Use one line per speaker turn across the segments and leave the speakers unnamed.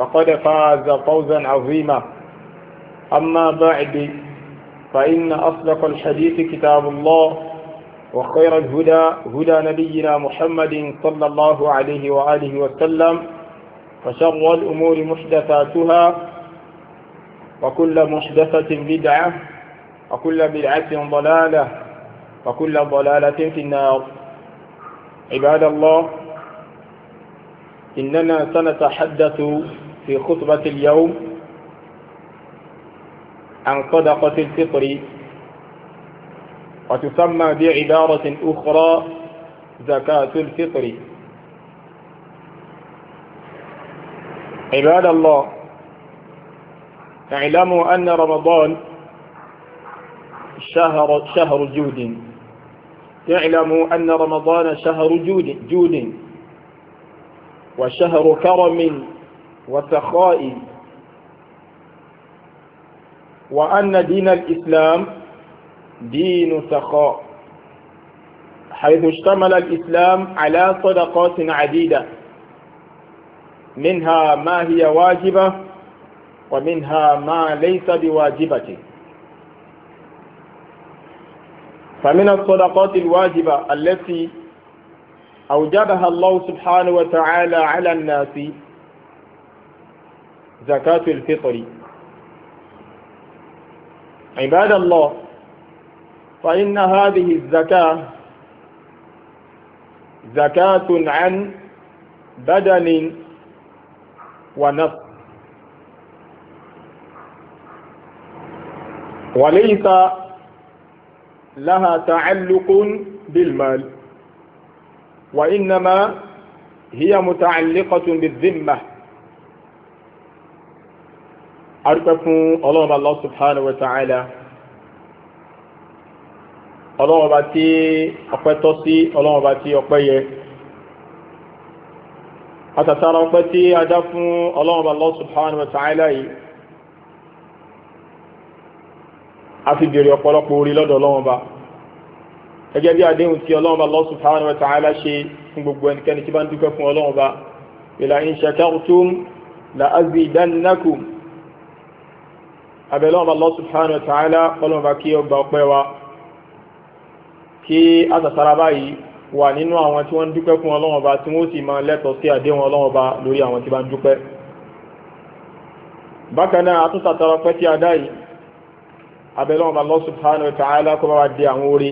فقد فاز فوزا عظيما أما بعد فإن أصدق الحديث كتاب الله وخير الهدى هدى نبينا محمد صلى الله عليه وآله وسلم فشر الأمور محدثاتها وكل محدثة بدعة وكل بدعة ضلالة وكل ضلالة في النار عباد الله إننا سنتحدث في خطبة اليوم عن صدقة الفطر وتسمى بعبارة أخرى زكاة الفطر عباد الله اعلموا أن رمضان شهر شهر جود اعلموا أن رمضان شهر جود جود وشهر كرم وسخاء وأن دين الإسلام دين سخاء حيث اشتمل الإسلام على صدقات عديدة منها ما هي واجبة ومنها ما ليس بواجبة فمن الصدقات الواجبة التي أوجبها الله سبحانه وتعالى على الناس زكاة الفطر عباد الله فإن هذه الزكاة زكاة عن بدن ونفس وليس لها تعلق بالمال وإنما هي متعلقة بالذمة adúpẹ́ fún ọlọ́run Allah subhanahu wa ta'ala ọlọ́run ọba tí ọpẹ́ tọ́ sí ọlọ́run ọba tí ọpẹ́ yẹ àtàtàrà ọpẹ́ tí a dá fún Allah wa ta'ala yìí a fi bèrè ọ̀pọ̀lọpọ̀ orí lọ́dọ̀ ọlọ́run ọba bí àdéhùn tí ọlọ́run ọba Allah wa ta'ala ṣe fún gbogbo ẹnikẹ́ni tí bá ń dúpẹ́ fún ìlà abẹ́lẹ́ ọba Allah subhanahu wa ta'ala kọlọ́mọba kí ọgbà ọpẹ́ wa kí àtàtàrà báyìí wà nínú àwọn tí wọ́n ń dúpẹ́ fún ọlọ́mọba tí wọ́n sì máa lẹ́tọ̀ọ́ sí àdéhùn ọlọ́mọba lórí àwọn tí bá ń dúpẹ́ bákan náà àtúntàtàrà pẹ́ tí a dá yìí abẹ́lẹ́ ọba Allah subhanahu wa ta'ala kọ́ bá wa dé àwọn orí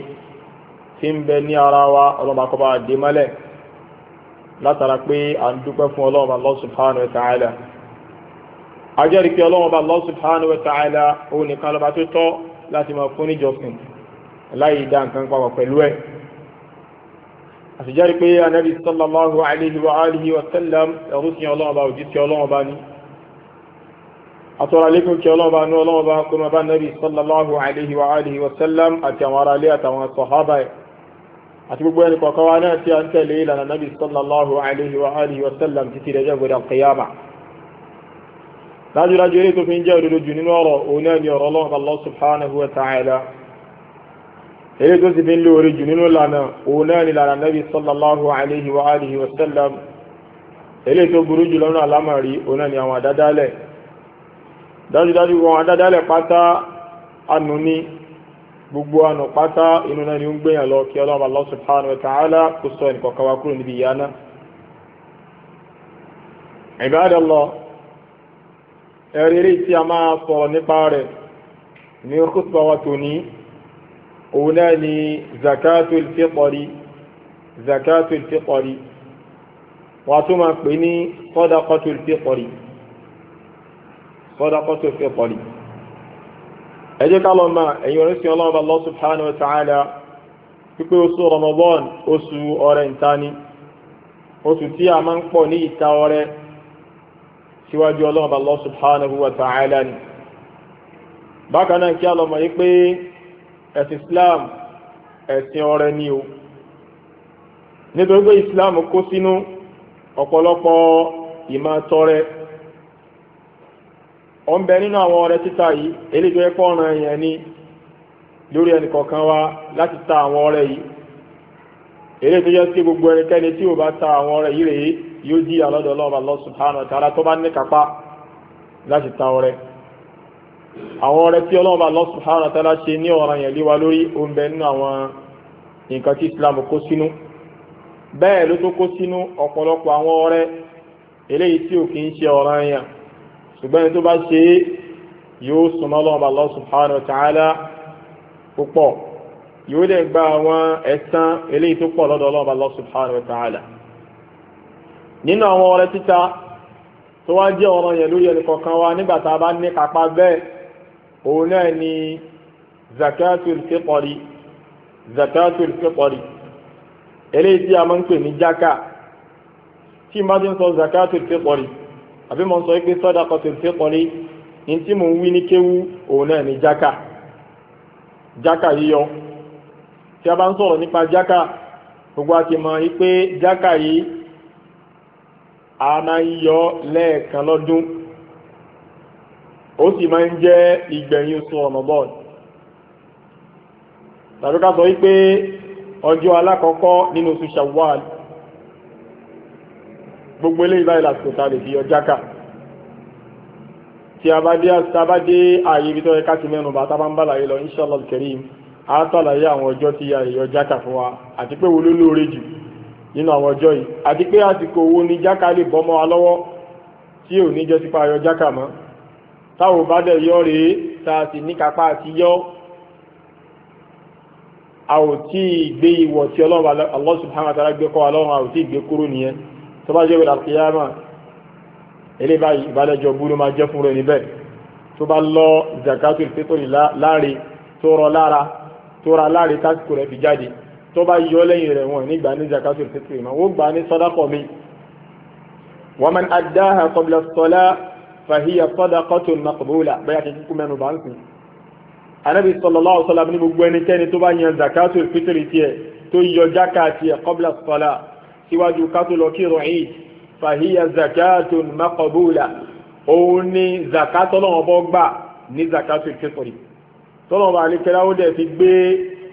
tí ń bẹ ní ara wa ọlọ́mọba kọ́ bá wa dé mọ́lẹ̀ látara pé à ń dúpẹ́ fún ọlọ́mọba Allah subhanahu wa ta'ala ajẹ́rìí pé ọlọ́run bá Allah subhanahu wa ta'ala òun nìkan lọ́ba tó tọ́ láti máa fún níjọsìn láì dá nǹkan papọ̀ pẹ̀lú ẹ̀ àtijọ́rí pé anábì sallallahu alayhi wa alihi wa sallam ẹ̀rú sí ọlọ́run bá òjì sí ọlọ́run bá ní àtọ́rọ̀ alékún kí ọlọ́run bá ní ọlọ́run bá kó máa bá anábì sallallahu alayhi wa alihi wa sallam àti àwọn ará ilé àtàwọn sọ̀hábà ẹ̀ àti gbogbo ẹni kọ̀ọ̀kan wa náà tí a ń tẹ̀lé ìlànà anábì sallallahu alayhi wa alihi wa sallam títí dẹjọ́ gbọdọ̀ qiyamah dájúdájú eré tó fi ń jẹ́ òdodo jù nínú ọ̀rọ̀ òun náà ni ọ̀rọ̀ ọlọ́run Allah subhanahu wa ta'ala eré tó sì fi ń lo orí jù nínú lànà òun náà ni lànà nabi sallallahu alayhi wa alihi wa sallam eré tó burú jù lọ́nà alámàrí òun náà ni àwọn àdádálẹ̀ dájúdájú wọn àdádálẹ̀ pátá anù ni gbogbo àna pátá inú náà ni ó ń gbéyàn lọ kí ọlọ́run Allah subhanahu wa ẹ̀rírí tí a máa sọ̀rọ̀ nípa rẹ̀ ní khutba wa tòní òun náà ni zakatul fitri zakatul fitri wọ́n tún máa pè ní sadaqatul fitri sadaqatul fitri ẹ jẹ́ ká lọ ma ẹ̀yin orísun ọlọ́run bá Allah subhanahu wa ta'ala pípé oṣù Ramadan oṣù ọrẹ ìta ni oṣù tí a máa ń pọ̀ ní ìta ọrẹ síwájú ọlọ́run Allah subhanahu wa ta'ala ni bákan náà kí a lọ mọ̀ yí pé ẹ̀sìn Islam ẹ̀sìn ọrẹ ni o nítorí pé Islam kó sínú ọ̀pọ̀lọpọ̀ ìmọ̀ tọrẹ ọ̀nbẹ nínú àwọn ọrẹ títà yìí ọ̀ràn ni lórí wa láti ta àwọn ọrẹ yìí gbogbo ẹnikẹ́ni tí ò bá ta àwọn ọrẹ yóò jí alọ́dọ̀ ọlọ́ọ̀bà Allah subhanahu wa ta'ala tó bá ní kápá láti ta ọrẹ àwọn ọrẹ tí ọlọ́ọ̀bà Allah subhanahu wa ta'ala ṣe ní ọ̀ràn yẹn líwa lórí oúnjẹ nínú àwọn nǹkan tí Islam kó sínú bẹ́ẹ̀ ló tó kó sínú ọ̀pọ̀lọpọ̀ àwọn ọrẹ eléyìí tí ò kì í ṣe ọ̀ràn yẹn ṣùgbọ́n ẹni tó bá ṣe é yóò súnmọ́ ọlọ́ọ̀bà Allah subhanahu wa púpọ̀ yóò dẹ̀ gba àwọn ẹ̀san eléyìí tó pọ̀ lọ́dọ̀ ọlọ́ọ̀bà Allah subhanahu wa nínú àwọn ọrẹ títa tó wá jẹ́ ọ̀ràn yẹn lórí ẹnì kọ̀ọ̀kan wa nígbà tá a bá ní kápá bẹ́ẹ̀ òun náà ni zakatul fipori zakatul fipori eléyìí tí a máa ń pè ní jaka tí má ti ń sọ zakatul fipori àbí mo sọ pé sadaqatul fipori ní tí mo ń wí ní kéwú òun náà ni jaka jaka yíyọ tí a bá ń sọ̀rọ̀ nípa jaka gbogbo àti mọ̀ wípé jaka yìí a máa ń yọ lẹ́ẹ̀kan lọ́dún ó sì máa ń jẹ́ ìgbẹ̀yìn oṣù Ramadan tàbí ká sọ wípé ọjọ́ alákọ̀ọ́kọ́ nínú oṣù Shawwal gbogbo eléyìí báyìí lásìkò tá a lè fi ọjà kà tí a bá dé tá ibi tó yẹ ká ti mẹ́nu bá tá a bá ń bá lọ inshallah al-karim a tọ́làyé àwọn ọjọ́ tí a lè yọ ọjà kà fún wa àti pé wo ló lóore jù nínú àwọn ọjọ́ yìí àti pé àsìkò owó ní jáka lè bọ́ mọ́ wa lọ́wọ́ tí ò ní jẹ́ sípa ayọ jáka mọ́ táwọn bá dẹ̀ yọ rèé tá a sì níkapá àti yọ a ò tí ì gbé ìwọ̀ tí ọlọ́run Allah subhanahu wa ta'ala gbé kọ́ wa lọ́rùn a ò tí ì gbé kúrò nìyẹn tó bá jẹ́ wẹ̀rẹ̀ àkíyámà eléyìí báyìí ìbálẹ́jọ burú máa jẹ́ fún rẹ̀ níbẹ̀ tó bá lọ zakatul fitri láre tó rọ lára tó ra láre tásìkò rẹ̀ fi jáde tó bá yọ lẹ́yìn rẹ̀ wọ́n nígbà ní zakatu fitri ma wọ́n gbà ní sadaqa mi wa man addaha qabla as-salah fa hiya sadaqatun maqbula bẹ́ẹ̀ kí kúkú mẹ́nu bá ń sìn. anabi sallallahu alaihi wasallam ní gbogbo ẹnikẹ́ni tó bá yan zakatu fitri tiẹ̀ tó yọ jáka tiẹ̀ qabla as síwájú kátó lọ kí rọ̀hìn fa hiya zakatun maqbula òun ni zakatọ́lọ́wọ́ bọ́ gbà ní zakatu fitri tọ́lọ́wọ́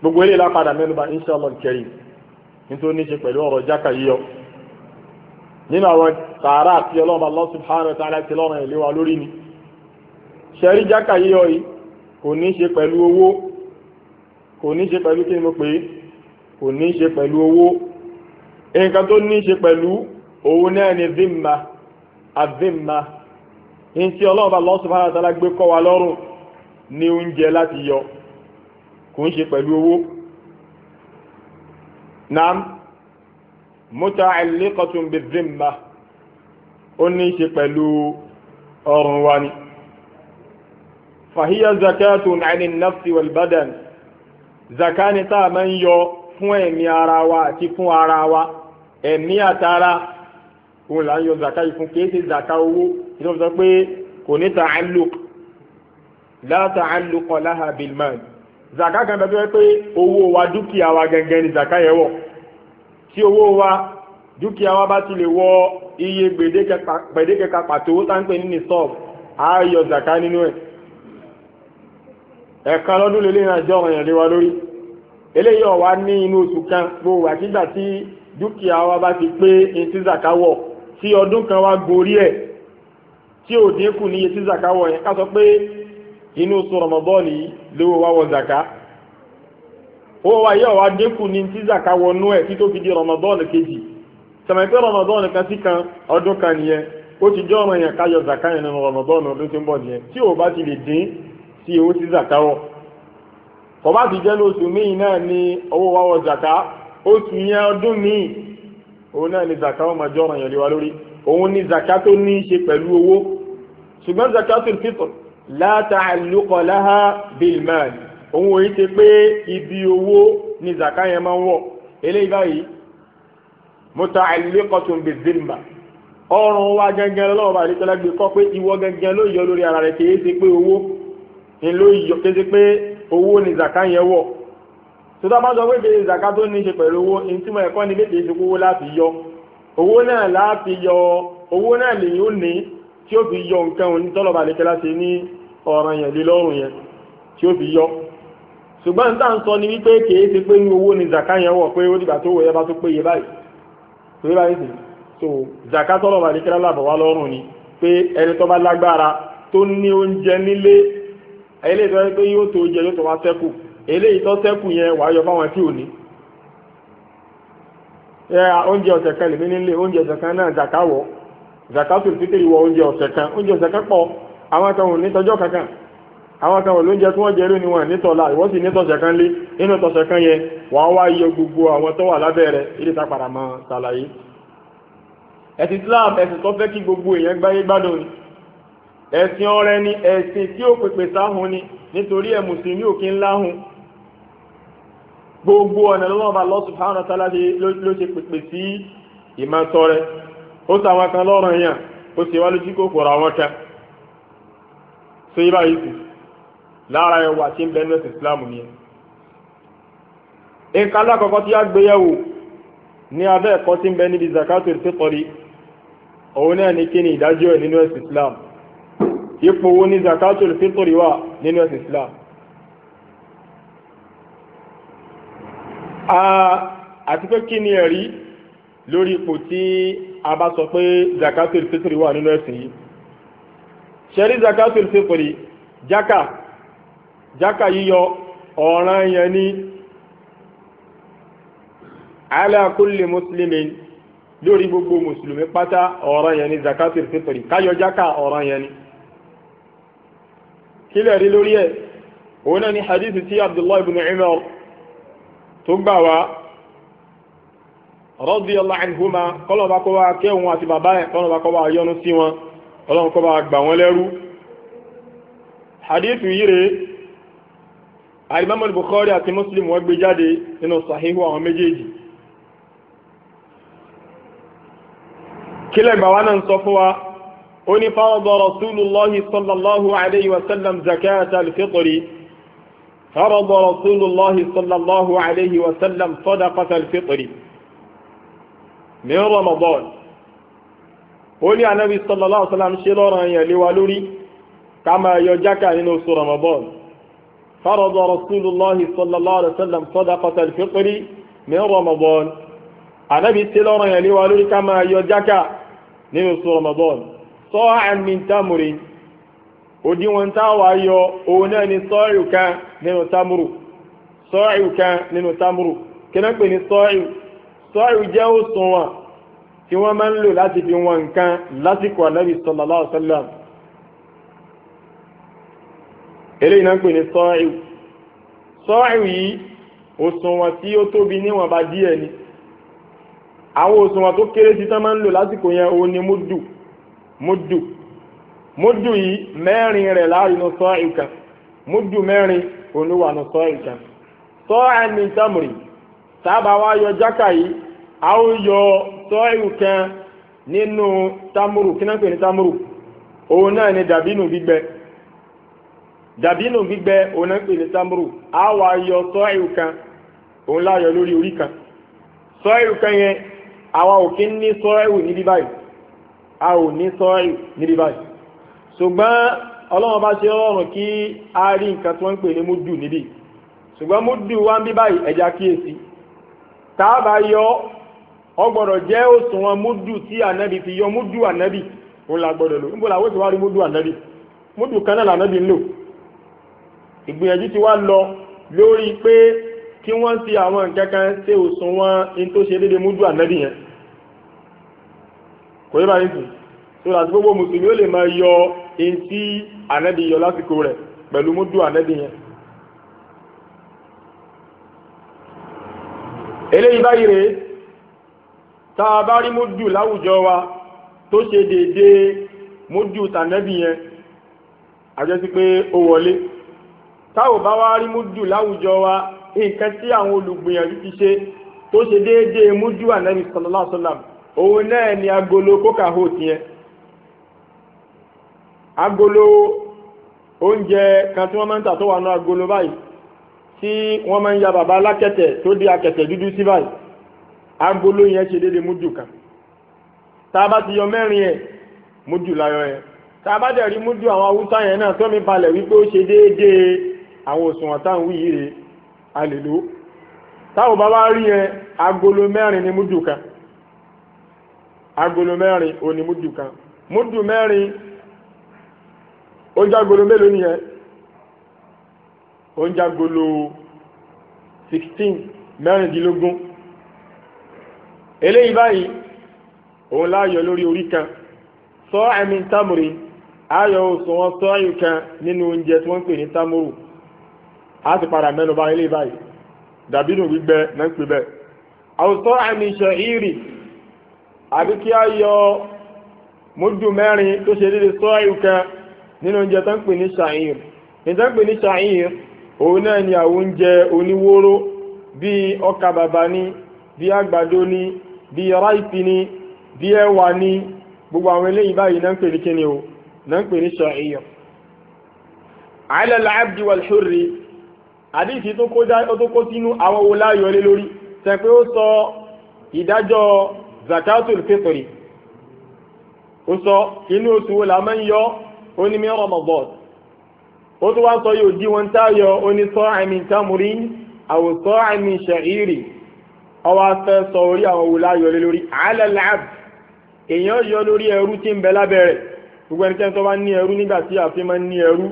gbogbo eré lápadà mẹ́nuba inshallah kẹrin nítorí ní ṣe pẹ̀lú ọ̀rọ̀ jákà yíyọ nínú àwọn tààrà àti ọlọ́run Allah subhanahu ti lọ́rùn ìléwà lórí ni ṣẹ̀rí jákà yíyọ yìí kò ní ṣe owó kò ní ṣe pẹ̀lú kí ni mo pè é kò ní ṣe owó nǹkan tó ní ṣe pẹ̀lú òun náà ni kò ń ṣe pẹ̀lú owó nam muta'alliqatun bizimma ó ní ṣe pẹ̀lú ọrùn wa ni fàhíyà zakatun 'ala an-nafsi wal-badan zakani tá a máa ń yọ fún ẹ̀mí ara wa àti fún ara wa ẹ̀mí àtara òun là ń yọ zaka yìí fún kìí ṣe zaka owó ìjọba sọ pé kò ní ta'alluq la ta'alluqa laha bil-mal zaka kan tẹ́tọ́ pé owó wa dúkìá wa gẹ́gẹ́ ni zaka yẹ wọ̀ tí owó wa dúkìá wa bá ti lè wọ iye gbèdéke kan pàtó táǹpẹ̀ nínú sọ́ọ̀bù á yọ zaka nínú ẹ̀ ẹ̀kan lọ́dún lè léyìn àjọ ọ̀ràn lé wa lórí eléyìí ọ̀wá ní inú oṣù kan gbogbo àtìgbà tí dúkìá wa bá ti pé ní tí zaka wọ̀ tí ọdún kan wá gorí ẹ̀ tí ò dínkù ní iye tí zaka wọ̀ yẹn ká sọ pé inú oṣù rọmọbọ́ọ̀lì lówó wa wọ zaka owó wa yẹ ọ̀wá dínkù ní tí zaka wọnú ẹ̀ kí tó fi di rọmọbọ́ọ̀lì kejì sọmọ pé rọmọbọ́ọ̀lì kan sí kan ọdún kan nìyẹn ó ti jẹ́ ọ̀ràn yẹn káyọ zaka yẹn nínú rọmọbọ́ọ̀lì ọdún tí ń bọ̀ nìyẹn tí ò bá ti lè dín sí owó tí zaka wọ̀ kọ̀bá ti jẹ́ lóṣù míì náà ni owó wa wọ zaka oṣù yẹn ọdún míì òun náà ni zaka wọn máa jẹ́ ọ̀ràn yẹn lé wa lórí òun ni zaka tó ní í ṣe pẹ̀lú owó ṣùgbọ́n zaka tó fi tọ̀ la ta'alluqa laha bil mal òun òye ti pé ibi owó ni zaka yẹn máa ń wọ̀ eléyìí báyìí muta'alliqatun biz-zimma ọrùn wa gẹ́gẹ́ lọ́wọ́ bá àdìsọ́lá gbé kọ́ pé ìwọ gẹ́gẹ́ ló yọ lórí ara rẹ̀ kìí ṣe pé owó ni ló yọ kìí ṣe pé owó ni zaka yẹn wọ̀ sọdọ́ bá sọ pé bèrè zaka tó ní ṣe pẹ̀lú owó ìtumọ̀ ẹ̀kọ́ ni bébè ṣe kówó láti yọ owó náà láti yọ owó náà lèyìn ó ní tí ó fi yọ nǹkan òní tọ́lọ̀ bá àdìsọ́lá ṣe ní ọ̀ràn yẹn lé lọ́rùn yẹn tí ó fi yọ ṣùgbọ́n tá à ń sọ ni wípé kìí ṣe pé ní owó ni zaka yẹn wọ̀ pé ó dìgbà tó wọ̀ yẹn bá tó péye báyìí tó yẹ báyìí sì so zaka tọ́lọ̀ wà ní kíláàlà bọ̀ wá lọ́rùn ni pé ẹni tó bá lágbára tó ní oúnjẹ nílé eléyìí tó yẹ pé yóò tó oúnjẹ yóò tó wá sẹ́kù eléyìí tó sẹ́kù yẹn wà á yọ fáwọn tí ò ní. oúnjẹ ọ̀sẹ̀ kan lèmi nílé oúnjẹ ọ̀sẹ̀ kan náà zaka wọ̀ zaka tó fi kéde wọ oúnjẹ ọ̀sẹ̀ kan oúnjẹ ọ̀sẹ̀ kan pọ̀ àwọn kan ò ní tọjọ́ kankan àwọn kan ò lóúnjẹ tí wọ́n jẹ lónìí wọn nítọ́lá ìwọ́n sì ní tọ̀sẹ̀ kan lé nínú tọ̀sẹ̀ yẹ wà wá yọ gbogbo àwọn tó wà lábẹ́ rẹ̀ ilé ẹ̀sìn Islam ẹ̀sìn tó fẹ́ kí gbogbo èèyàn gbáyé gbádùn ni ẹ̀sìn ọrẹ ni ẹ̀sìn tí ó pèpè sáhun ni nítorí ẹ̀ mùsùlùmí òkè ńlá hun gbogbo ọ̀nà lọ́wọ́ba Allah subhanahu wa ta'ala ló ṣe pèpè sí ìmọ̀tọ́rẹ ó sàwọn kan lọ́rọ̀ yàn ó sì wá lójú kòkòrò àwọn kan so yí báyìí sì lára ẹwà tí ń bẹ nínú ẹ̀sìn islam ni ẹ nǹkan alákọ̀ọ́kọ́ tí a gbéyẹ̀wò ní abẹ́ ẹ̀kọ́ tí ń bẹ níbi zakatul fitri òun náà ní kíni ìdájọ́ ẹ̀ nínú ẹ̀sìn islam ipò wo ni zakatul fitri wà nínú ẹ̀sìn islam àti pé kí ni ẹ̀rí lórí ipò tí a bá sọ pé zakatul fitri wà nínú ẹ̀sìn yìí ṣẹ̀rí zakatul fipri jákà jákà yíyọ ọ̀ràn yẹn ní ala kulli muslimin lórí gbogbo mùsùlùmí pátá ọ̀ràn yẹn ní zakatul fipri káyọ jákà ọ̀ràn yẹn ní kílẹ̀ rí lórí ẹ̀ òun náà ni hadithi tí abdullahi ibn umar tó gbà wá radiyallahu anhuma kọ́lọ̀bá kọ́ wá kẹ́hùn àti bàbá ẹ̀ kọ́lọ̀bá kọ́ wá yọ́nú sí wọn ọlọ́run kó bá gbà wọ́n lẹ́rú hadithu yìí rèé alimamul bukhari àti muslim wọ́n gbé jáde nínú sahihu àwọn méjèèjì kílẹ̀ gbàwá náà ń sọ fún wa ó ní fáwọ́dọ̀ rasulullahi sallallahu alayhi wa sallam zakat al-fitri فرض رسول الله صلى الله عليه وسلم صدقة الفطر من رمضان ó ní anábì sallallahu alaihi wasallam ṣe lọ́rọ̀ yẹn lé wa lórí ká máa yọ jákà nínú oṣù ramadan farada rasulullahi sallallahu alaihi wasallam sadaqatal fitri min ramadan anábì ṣe lọ́rọ̀ yẹn lé wa lórí ká máa yọ jákà nínú oṣù ramadan sa'an min tamrin òdiwọ̀n táwa yọ òun náà ni sọ́ọ̀rù kan nínú tamuru sọ́ọ̀rù kan nínú tamuru kí náà pè ní sọ́ọ̀rù sọ́ọ̀rù jẹ́ òṣùwọ̀n tí wọ́n máa ń lò láti fi wọn nǹkan lásìkò ànábì sallallahu alaihi wasallam eléyìí náà ń pè ní sọ́ọ̀ìwù sọ́ọ̀ìwù yìí òṣùwọ̀n tí ó tóbi níwọ̀nba díẹ̀ ni àwọn òṣùwọ̀n tó kéré sí tán máa ń lò lásìkò yẹn òun ni múdù múdù múdù yìí mẹ́rin rẹ̀ láàrin sọ́ọ̀ìwù kan múdù mẹ́rin òun ló wà ní kan sọ́ọ̀ìwù mi sábà wá yọ jákà yìí a ó yọ tọ́ìrù kan nínú támúrù kí náà pè ní támúrù òun náà ni dàbínù gbígbẹ dàbínù gbígbẹ òun náà pè ní támúrù a wà yọ tọ́ìrù kan òun láyọ lórí orí kan tọ́ìrù kan yẹn àwa ò kí ń ní tọ́ìrù níbí báyìí a ò ní tọ́ìrù níbí báyìí ṣùgbọ́n ọlọ́run bá ṣe ọlọ́run kí a rí nǹkan tí wọ́n ń pè ní múdù níbí ṣùgbọ́n múdù wá ń bí báyìí ẹ̀já kíyèsí tá a bá yọ ọgbọ́dọ̀ jẹ́ òṣùwọ̀n múdù tí ànábì fi yọ múdù ànábì ó la gbọ́dọ̀ lò níbo làwọn ìṣòwárí múdù ànábì múdù kan náà lànábì ń lò ìgbìyànjú ti wá lọ lórí pé kí wọ́n ti àwọn nǹkan kan ṣe òṣùwọ̀n in tó ṣe déédéé múdù ànábì yẹn kò yẹ báyìí sùn tó láti gbogbo mùsùlùmí ó lè máa yọ in tí ànábì yọ lásìkò rẹ̀ pẹ̀lú múdù ànábì yẹn eléyìí báyìí rèé tá a bá rí mójú láwùjọ wa tó ṣe déédéé mójú tànẹ́bì yẹn àjẹsí pé ó wọlé tá ò bá wá rí mójú láwùjọ wa nǹkan tí àwọn olùgbìyànjú ti ṣe tó ṣe déédéé mójú ànẹ́bì sallallahu òun náà ni agolo coca hot yẹn agolo oúnjẹ kan tí wọ́n máa ń tà tó wà ní agolo báyìí tí wọ́n máa ń ya bàbá alákẹ̀tẹ̀ tó di akẹ̀tẹ̀ dúdú sí báyìí agolo yẹn ṣe déédéé mújù kan tá a bá ti yọ mẹ́rin yẹn mújù láyọ yẹn tá a bá dẹ̀ rí mújù àwọn haúsá yẹn náà tọ́mi balẹ̀ wípé ó ṣe déédéé àwọn òṣùwọ̀n táwọn wí yìí rè a lè lò ó táwọn bá wá rí yẹn agolo mẹ́rin ni mújù kan agolo mẹ́rin ó ní mújù kan mújù mẹ́rin ó jẹ́ agolo mélòó nìyẹn ó ń jẹ́ agolo sixteen mẹ́rìndínlógún. eléyìí báyìí òun láàyò lórí orí kan sọ ẹ̀mí támùrì ayọ̀ oṣù wọn sọ ẹ̀yìn kan nínú oúnjẹ tí pè ní támùrù a ti padà mẹ́nu bá eléyìí báyìí dàbínú gbígbẹ náà ń pè bẹ́ẹ̀ àwòsọ ẹ̀mí ṣẹ̀hírì àbí kí a yọ mójú mẹ́rin tó ṣe déédéé sọ kan nínú oúnjẹ tó ń pè ní ṣàhír ìjọ ń ni bíi ráìsì ni bíi ẹ̀wà ni gbogbo àwọn eléyìí báyìí náà ń pè ní kíni o náà ń pè ní ṣàìyàn. ala al-abdi wal-hurri àdìsí tó kó sínú àwọn wo láàyò lé lórí sẹ pé ó sọ ìdájọ́ zakatul fitri ó sọ inú oṣù wo la máa ń yọ ó ní min Ramadan ó tún wá sọ yóò di wọn táyọ ó ní sa'in min tamrin aw sa'in min ọwọ́ afẹ́ sọ orí àwọn òwúlá yọlé lórí alẹ́láàbù èèyàn yọ lórí ẹrú tí ń bẹ lábẹ́ rẹ̀ gbogbo ẹnikẹ́ni tó bá ní ẹrú nígbà tí àfi máa ń ní ẹrú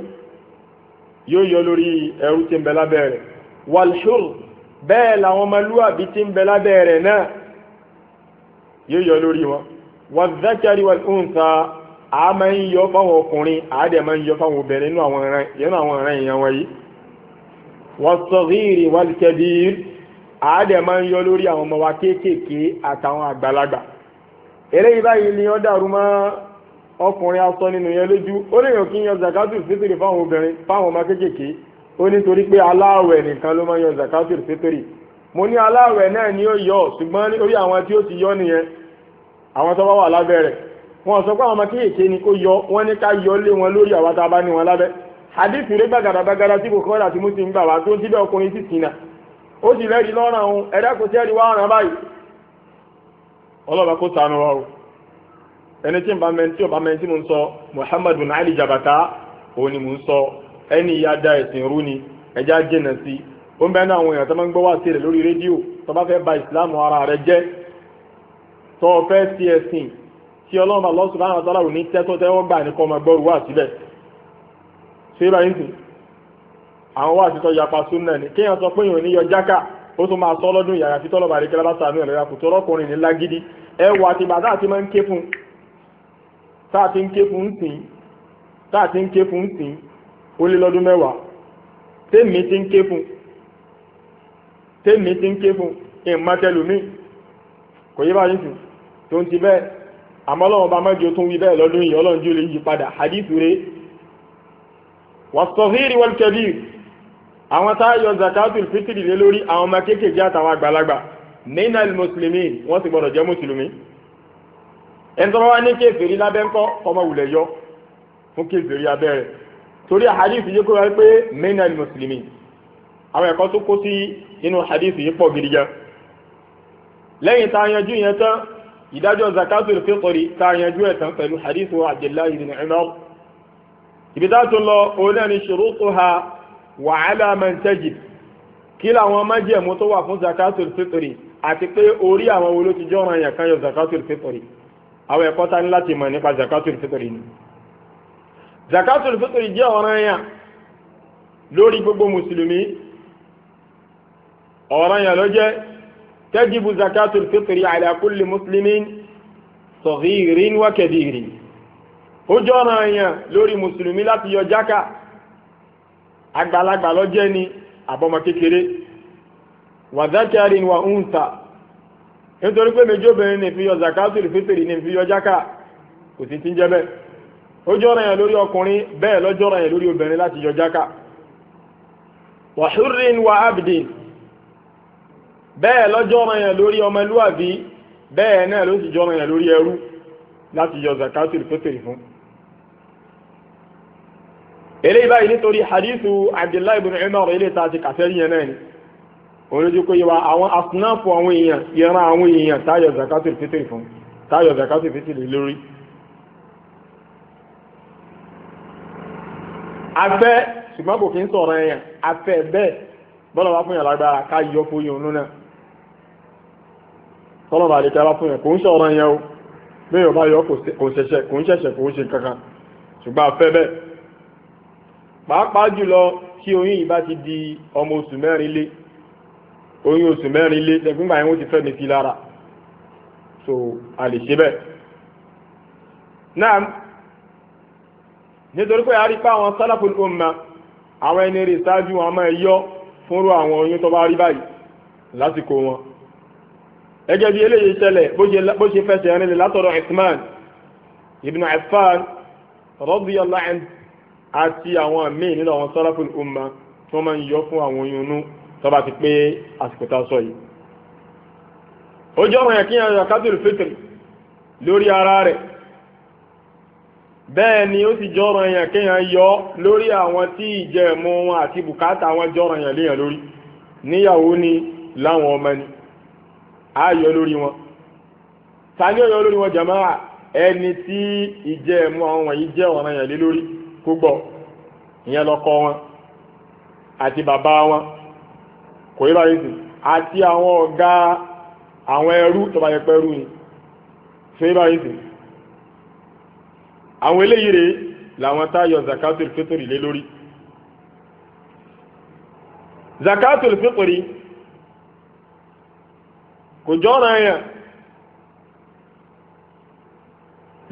yóò yọ lórí ẹrú tí ń bẹ lábẹ́ rẹ̀ walhur bẹ́ẹ̀ làwọn ọmọlúwàbí tí ń bẹ lábẹ́ náà yóò yọ lórí wọn wàzákàrí wàlúùnsà a àádẹ́ máa ń yọ lórí àwọn ọmọ wa kéékèèké àtàwọn àgbàlagbà eléyìí báyìí ni wọ́n dàrú mọ́ ọkùnrin asọ nínú yẹn lójú ó lè yàn kí yan zakatu fitiri fáwọn obìnrin fáwọn ọmọ kéékèèké ó nítorí pé aláàwẹ̀ nìkan ló máa yan zakatu fitiri mo ní aláàwẹ̀ náà ni ó yọ ṣùgbọ́n orí àwọn tí ó ti yọ nìyẹn àwọn tó bá wà lábẹ́ rẹ̀ wọn sọ pé àwọn ọmọ kéékèèké ni kó yọ wọn ní ká yọ lé wọn lórí àwọn tá a bá ní wọn lábẹ́ hadith rẹ gbàgàdàgbàgàdà tí kò kọ́ o sì lẹ́rìí lọ́ràn òun ẹ̀dá kò tẹ́rì wá ọ̀ràn báyìí ọlọ́ba kó sànù ọrù ẹni tí ìbá mẹ́ntí mẹ́ntí mo sọ Muhammad Ali Jabata òun ni mo ń sọ ẹni ìyá da ẹ̀sìn rú ni ẹja jìnà sí ó ń bẹ́ẹ̀ àwọn èèyàn tó máa ń gbọ́ ba ara rẹ̀ jẹ́ tó o fẹ́ sí ẹ̀sìn tí ọlọ́run lọ́sùn láwọn àtàlà òní gbà ní kọ́ ọmọ gbọ́rù wá ṣé àwọn wà títọ́ yapa súnà ni kéèyàn sọ pé èèyàn níyọ jákà ó tún máa sọ lọ́dún yàrá títọ́ lọ́ba àríkẹ́lá bá sàánú ẹ̀rọ yàkùtò ọlọ́kùnrin ní lágídí ẹ wọ àti bàtà àti máa ń ké fún tá a ti ń ké fún ń sìn tá a ti ń ké fún ń sìn ó lé lọ́dún mẹ́wàá tèmi ti ń ké fún tèmi ti ń ké fún ìmọ̀tẹ́lùmí kò yé bá yín sùn tó ń ti bẹ́ẹ̀ àmọ́ ọlọ́run bá mẹ́jọ tó wí bẹ́ẹ̀ lọ́dún yìí ọlọ́run lè yí padà hadith rẹ̀ wàsọ̀hírì wal kabir àwọn tá a yọ zakatul fitri lé lórí àwọn ọmọ kéékèèké àtàwọn àgbàlagbà minal muslimin wọ́n sì gbọ́dọ̀ jẹ́ mùsùlùmí ẹni tó bá wá ní kéfèrí lábẹ́ ńkọ́ ọmọ wùlẹ̀ yọ fún kéfèrí abẹ́rẹ́ torí àhadìsì yìí kó wá pé minal muslimin àwọn ẹ̀kọ́ tó kó sí inú àhadìsì yìí pọ̀ gidigan lẹ́yìn tá a yanjú yẹn tán ìdájọ́ zakatul fitri tá a yanjú ẹ̀ tán pẹ̀lú àhadìsì Abdullahi ibn Umar ibi tá a tún lọ wa ala man tajib kí làwọn májẹ̀mú tó wà fún zakatul fitri àti pé orí àwọn wo ló ti jọ́ràn yẹn kan yọ zakatul fitri àwọn ẹ̀kọ́ ta ní láti mọ̀ nípa zakatul fitri ni zakatul fitri jẹ́ ọ̀ràn yẹn lórí gbogbo mùsùlùmí ọ̀ràn yẹn ló jẹ́ tajibu zakatul fitri ala kulli muslimin saghirin wa kabirin ó jọ́ràn yẹn lórí mùsùlùmí láti yọ jákà àgbàlagbà lọ́jẹ́ ni àbọ̀mọ kékeré wàzákẹ́rin wà ń ta nítorí pé méjì obìnrin ní ìfiyọ zakatul fitri ní ìfiyọ jáka kò sí ti ń jẹ́ bẹ́ẹ̀ ó jọ́ra yẹn lórí ọkùnrin bẹ́ẹ̀ lọ́jọ́ra yẹn lórí obìnrin láti yọ jáka wàhúrin wà abdin bẹ́ẹ̀ lọ́jọ́ra yẹn lórí ọmọlúwàbí bẹ́ẹ̀ náà ló sì jọ́ra yẹn lórí ẹrú láti yọ zakatul fitri fún eléyìí báyìí nítorí hadithu abdullahi ibn umar ta ti kàfẹ́ yẹn náà ni olójú kó yíwa àwọn asnáfù àwọn èèyàn ìran àwọn èèyàn táyọ̀ zakatul fitri fún táyọ̀ zakatul fitri lórí afẹ́ ṣùgbọ́n kò kí ń sọ̀rọ̀ ẹ̀yàn afẹ́ bẹ́ẹ̀ bọ́lá bá fún yàn lágbára ká yọ fún yàn nínú tọ́lọ̀ bá lè tẹ́lá fún yàn kò ń sọ̀rọ̀ ẹ̀yàn o bẹ́ẹ̀ yóò bá yọ kò ń ṣẹ̀ṣẹ̀ kò ń ṣe kankan ṣùgbọ́n pàápàá jùlọ tí oyún yìí bá ti di ọmọ oṣù mẹ́rin lé oyún oṣù mẹ́rin lé tẹ̀gbọ́n báyìí wọ́n ti fẹ́ mi sí lára so a lè ṣe bẹ́ẹ̀. náà nítorí pé a rí pé àwọn salaful umma àwọn ẹni rè ṣáájú wọn máa yọ fúnrú àwọn oyún tó bá rí báyìí lásìkò wọn. gẹ́gẹ́ bí eléyìí ṣẹlẹ̀ bó ṣe fẹsẹ̀ rìn látọ̀dọ̀ Uthman ibn Affan radiyallahu anhu àti àwọn míì nínú àwọn sọ́láfùl umma tí wọ́n máa ń yọ fún àwọn oyún inú tó bá ti pé àsìkò tá a sọ yìí. ó jẹ́ lórí ara rẹ̀ bẹ́ẹ̀ ni ó sì jọrọ ọ̀ràn yọ lórí àwọn tí ije wọn àti bùkátà wọn léèyàn lórí ni láwọn ọmọ a yọ lórí wọn ta ni ó yọ lórí wọn jàmáà ẹni tí àwọn wọ̀nyí jẹ́ ọ̀ràn lé lórí. púpọ̀ ìyẹn lọ́kọ wọn àti bàbá wọn kò yí báyìí sí àti àwọn ọ̀gá àwọn ẹrú tó bá yẹ pé ẹrú ni ṣe yí báyìí sí àwọn eléyìí rèé làwọn táyọ zakatul fitri lé lórí zakatul fitri kò jọ́ra yẹn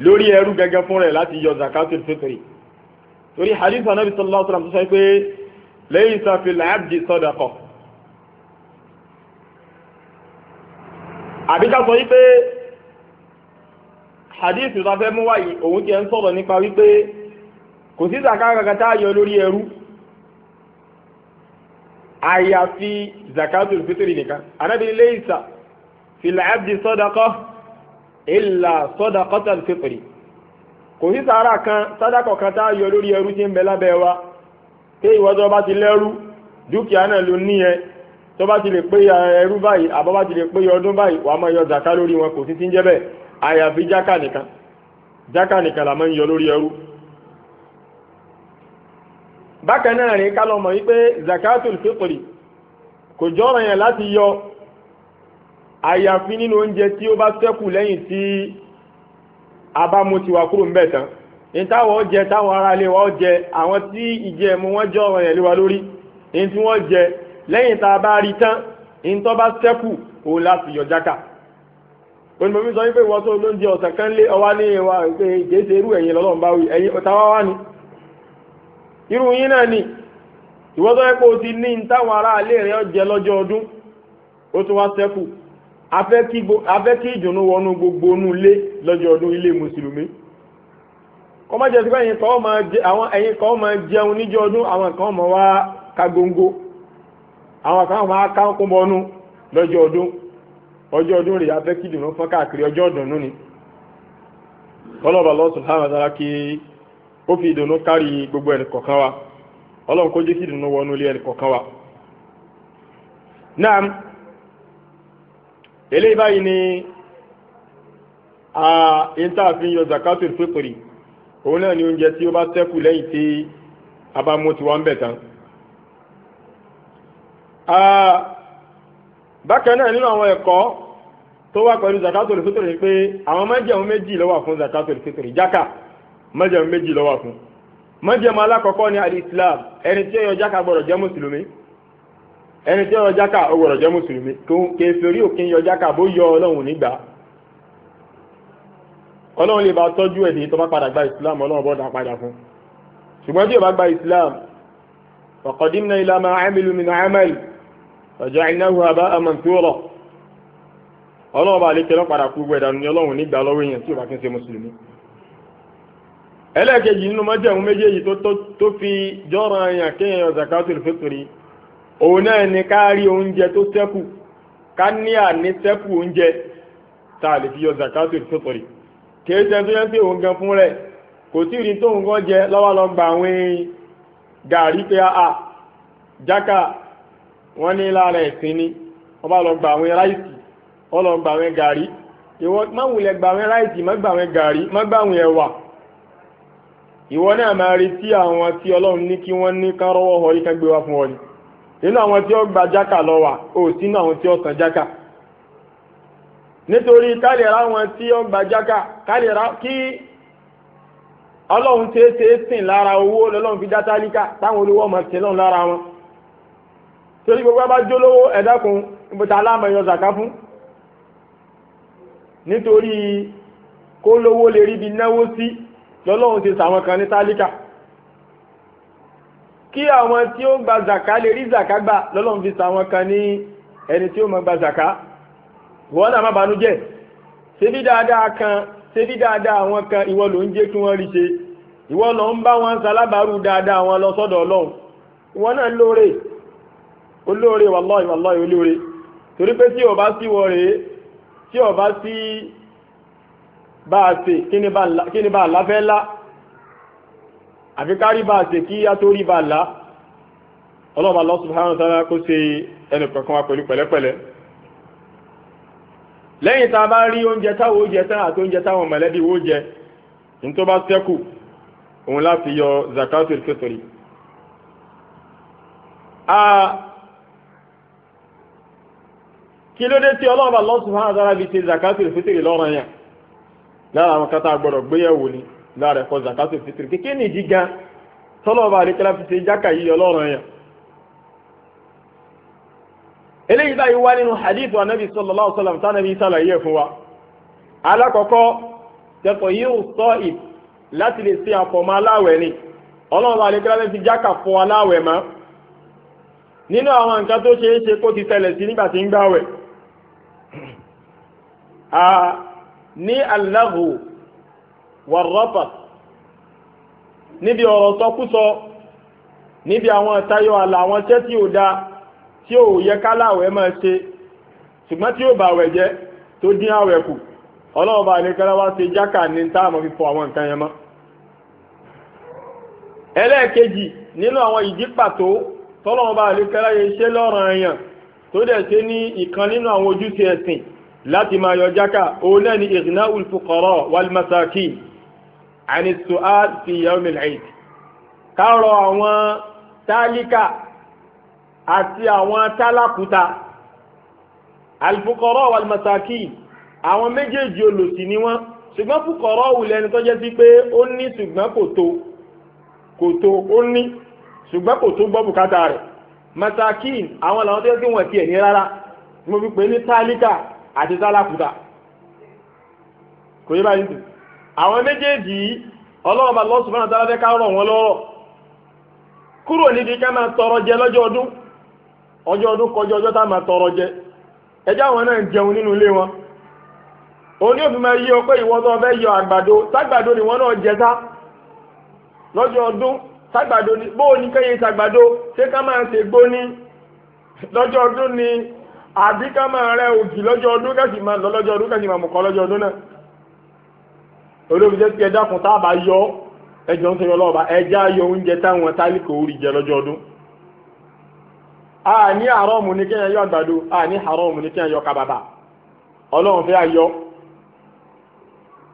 lórí ẹrú gẹ́gẹ́ fún rẹ̀ láti yọ zakatul fitri torí hadith anabi sallallahu alaihi wasallam sọ pé laysa fil abdi sadaqa àbíká sọ wípé hadith tó fẹ́ mú wáyé òun ti ẹ̀ ń sọ̀rọ̀ nípa wípé kò sí zaka kankan tá a yọ lórí ẹrú àyàfi zakatul fitri nìkan anabi laysa fil abdi sadaqa illa sadaqatul fitri kò sí sàárà kan sádàkọ̀ kan tá a yọ lórí ẹrú tí ń bẹ lábẹ́ wa pé ìwọ tó bá ti lẹ́rú dúkìá náà ló ní ẹ tó bá ti lè pé ẹrú báyìí àbọ̀ bá ti lè pé ọdún báyìí wàá máa yọ zàká lórí wọn kò sí ti ń jẹ́ bẹ́ẹ̀ àyàfi jákà nìkan jákà nìkan là máa ń yọ lórí ẹrú. bákan náà rìn ká lọ mọ̀ wípé zakatul fitri kò jọ́ràn yẹn láti yọ àyàfi nínú oúnjẹ tí ó bá ṣẹ́kù lẹ́yìn tí. Si abámu tiwa kúrò ń bẹ̀ tán ní táwọn ọjẹ táwọn ará ilé wa ọjẹ àwọn tí ìjẹ mu wọn jọ ọ̀rọ̀ yẹn lé wa lórí ní tí wọ́n jẹ lẹ́yìn tá a bá rí tán ní tó bá sẹ́kù òun láti yọ jáka onímọ̀mí sọ wípé ìwọ́n tó ló ọ̀sẹ̀ kan lé ọwá ní ìwà pé ìgbésẹ̀ irú ẹ̀yìn lọ́lọ́run bá wí ẹ̀yìn ọ̀tàwá wá ni irú yín náà ni ìwọ́n tó yẹ kó o ti ní táwọn ará rẹ̀ jẹ lọ́jọ́ ọdún ó tún wá sẹ́kù afẹ́ kí ìjọ̀nú wọnú gbogbo onú ilé lọ́jọ́ ọdún ilé mùsùlùmí kọ́ máa jẹ́ sí pé ẹ̀yin kan máa jẹun níjọ́ ọdún àwọn kan máa wá ka góńgó àwọn kan ká ń kún lọ́jọ́ ọdún ọjọ́ ọdún rèé afẹ́ kí ìdùnnú fọ́n káàkiri ọjọ́ ọdún ní fi gbogbo eléyìí báyìí ni a intaafin yọ zakatul fitri òun náà ni oúnjẹ tí ó bá ṣẹ́kù lẹ́yìn tí a bá mú tiwọn bẹ̀ tán. bákan náà nínú àwọn ẹ̀kọ́ tó wà pẹ̀lú zakatul fitri pé àwọn májẹ̀mú méjì ló wà fún zakatul fitri jáka májẹ̀mú méjì ló wà fún májẹ̀mú alákọ̀ọ́kọ́ ni alislam ẹni tí ó yọ jáka gbọ́dọ̀ jẹ́ mùsùlùmí ẹni tí ó yọ jákà ó gbọ́dọ̀ jẹ́ mùsùlùmí kèfèrí ò kí ń yọ jákà bó yọ ọlọ́run nígbà ọlọ́run lè bá tọ́jú ẹ̀ ní tó bá padà gba ìsìláàmù ọlọ́run bọ́dà padà fún ṣùgbọ́n tí ó bá gba ìsìláàmù ọ̀kọ̀dínà ìlàmà àmìlú min àmàlì ọjọ́ ìnáwó àbá àmàntúrọ̀ ọlọ́run bá lè kẹ́lọ́ padà kú gbẹ̀dà ní ọlọ́run nígbà òun náà ni ká rí oúnjẹ tó ṣẹ́kù ká ní àní oúnjẹ tá lè fi yọ zakato ìtòtòrì kìí ṣe tó yẹ pé òun gan fún rẹ kò tí gan jẹ lọ́wọ́ a jákà wọ́n ní lára ẹ̀sìn ni wọ́n bá lọ gba àwọn ráìsì wọ́n lọ gba àwọn gàrí ìwọ máwùlẹ̀ gba àwọn ráìsì má gba àwọn gàrí má gba àwọn ẹ̀wà ìwọ náà máa retí àwọn nínú àwọn tí ó gba jákà lọ wà ó sínú àwọn tí ó san jákà nítorí kálíra àwọn tí ó gba jákà kálíra kí ọlọ́run tí ó ṣe é sìn lára owó lọ́lọ́run fi dá tálíkà táwọn olówó ọmọ sí lọ́run lára wọn torí gbogbo bá jólówó ẹ̀dákun ibùta aláàmọ̀yọ zàká fún nítorí kó lówó lè ríbi náwó sí lọ́lọ́run ti sàwọn kan ní tálíkà kí àwọn tí ó ń gba zaka lè rí zaka gbà lọ́lọ́run fi sàwọn kan ní ẹni tí ó máa gba zaka wọ́n náà má banú jẹ́ ṣebí dáadáa kan ṣebí dáadáa àwọn kan ìwọ ló ń jẹ́ kí wọ́n rí ṣe ìwọ ló ń bá wọn ṣalábàárù dáadáa wọn lọ sọ́dọ̀ ọlọ́run ìwọ náà lóore olóore wàláhì wàláhì olóore torí pé tí o sí wọ rèé tí o sí bá a ṣe kí ni bá a láfẹ́ lá. La àfi ká rí bá a ṣe kí á tó rí bá a là ọlọ́ọ̀bà Allah subhanahu wa ta'ala kó ṣe kankan wa pẹ̀lú pẹ̀lẹ́pẹ̀lẹ́ lẹ́yìn a bá rí oúnjẹ táwọn oúnjẹ tán àti oúnjẹ táwọn mọ̀lẹ́bí wó jẹ ní tó bá ṣẹ́kù òun láti yọ zakatul fitri kí ló dé tí fi ṣe zakatul fitri lọ́ranyàn lára àwọn lára ẹ̀kọ́ zakato fitiri kékeré ní ìdí gan tọ́lọ́ọ̀bà àríkẹ́lá fi ṣe jákà yìí ọlọ́run yẹn eléyìí báyìí wá nínú hadithu anabi sallallahu alaihi wasallam tánàbí sàlàyé fún wa alákọ̀ọ́kọ́ tẹ̀tọ̀ yìí ò sọ ì láti lè ṣe àfọ̀mọ́ aláwẹ̀ ni ọlọ́run àlekẹ́lẹ́ fi jákà fún aláwẹ̀ mọ́ nínú àwọn nǹkan tó ṣeé ṣe kó ti ṣẹlẹ̀ sí nígbà tí ń gbàwẹ̀ ní aláhù wàrọ́pà níbi ọ̀rọ̀ sọkúsọ níbi àwọn ìtayọ àlà àwọn iṣẹ́ tí ò da tí ò yẹ káláwẹ̀ máa ṣe ṣùgbọ́n tí ò bà wẹ̀ jẹ́ tó dín àwẹ̀ kù ọlọ́run bá ní kẹ́lá wá ṣe jákà ní táàmù fífọ àwọn nǹkan yẹn mọ́ ẹlẹ́ẹ̀kejì nínú àwọn ìdí pàtó tọ́lọ́run bá ní kẹ́lá ṣe lọ́rùn ẹ̀yàn tó dẹ̀ ṣe ní ìkan nínú àwọn ojúṣe ẹ̀sìn láti máa yọ jákà òun náà ni ìrìnà ulfukọ̀rọ̀ wal Ani su'al fi yawmil eid kárọ̀ àwọn tálíkà àti àwọn tálákùúta alfukọrọ wàlmàsàkì àwọn méjèèjì olòṣì ni wọn ṣùgbọ́n fukọrọ wùlẹ́ni tó jẹ́ sí pé ó ní ṣùgbọ́n kò tó kò tó ó ní ṣùgbọ́n kò tó gbọ́ bùkátà rẹ̀ masakin àwọn làwọn tó yẹ kí wọ́n tiẹ̀ ní rárá mo fi pè ní tálíkà àti tálákùúta kò yẹ báyìí dùn. àwọn méjèèjì yìí ọlọ́run bá lọ́sùn fún àtàlà fẹ́ ká rọ̀ wọ́n lọ́rọ̀ kúrò níbi ká máa tọrọ jẹ lọ́jọ́ ọdún ọjọ́ ọdún kọjọ ọjọ́ tá máa tọrọ jẹ ẹjọ́ àwọn náà ń jẹun nínú ilé wọn òun ni òfin máa yí ọ pé ni náà jẹ ni bó kẹ́yìn tàgbàdo ṣé ká máa ṣe gbó ní lọ́jọ́ olóbi jẹ́ kí ẹ dákun tá a bá yọ ẹjọ́ ń sọ yọlọ́ ọba ẹja yọ oúnjẹ táwọn tálíkà orí jẹ lọ́jọ́ ọdún a ní àrọ́ọ̀mù ní kéèyàn yọ àgbàdo a ní àrọ́ọ̀mù ní kéèyàn yọ kábàbà ọlọ́run fẹ́ ayọ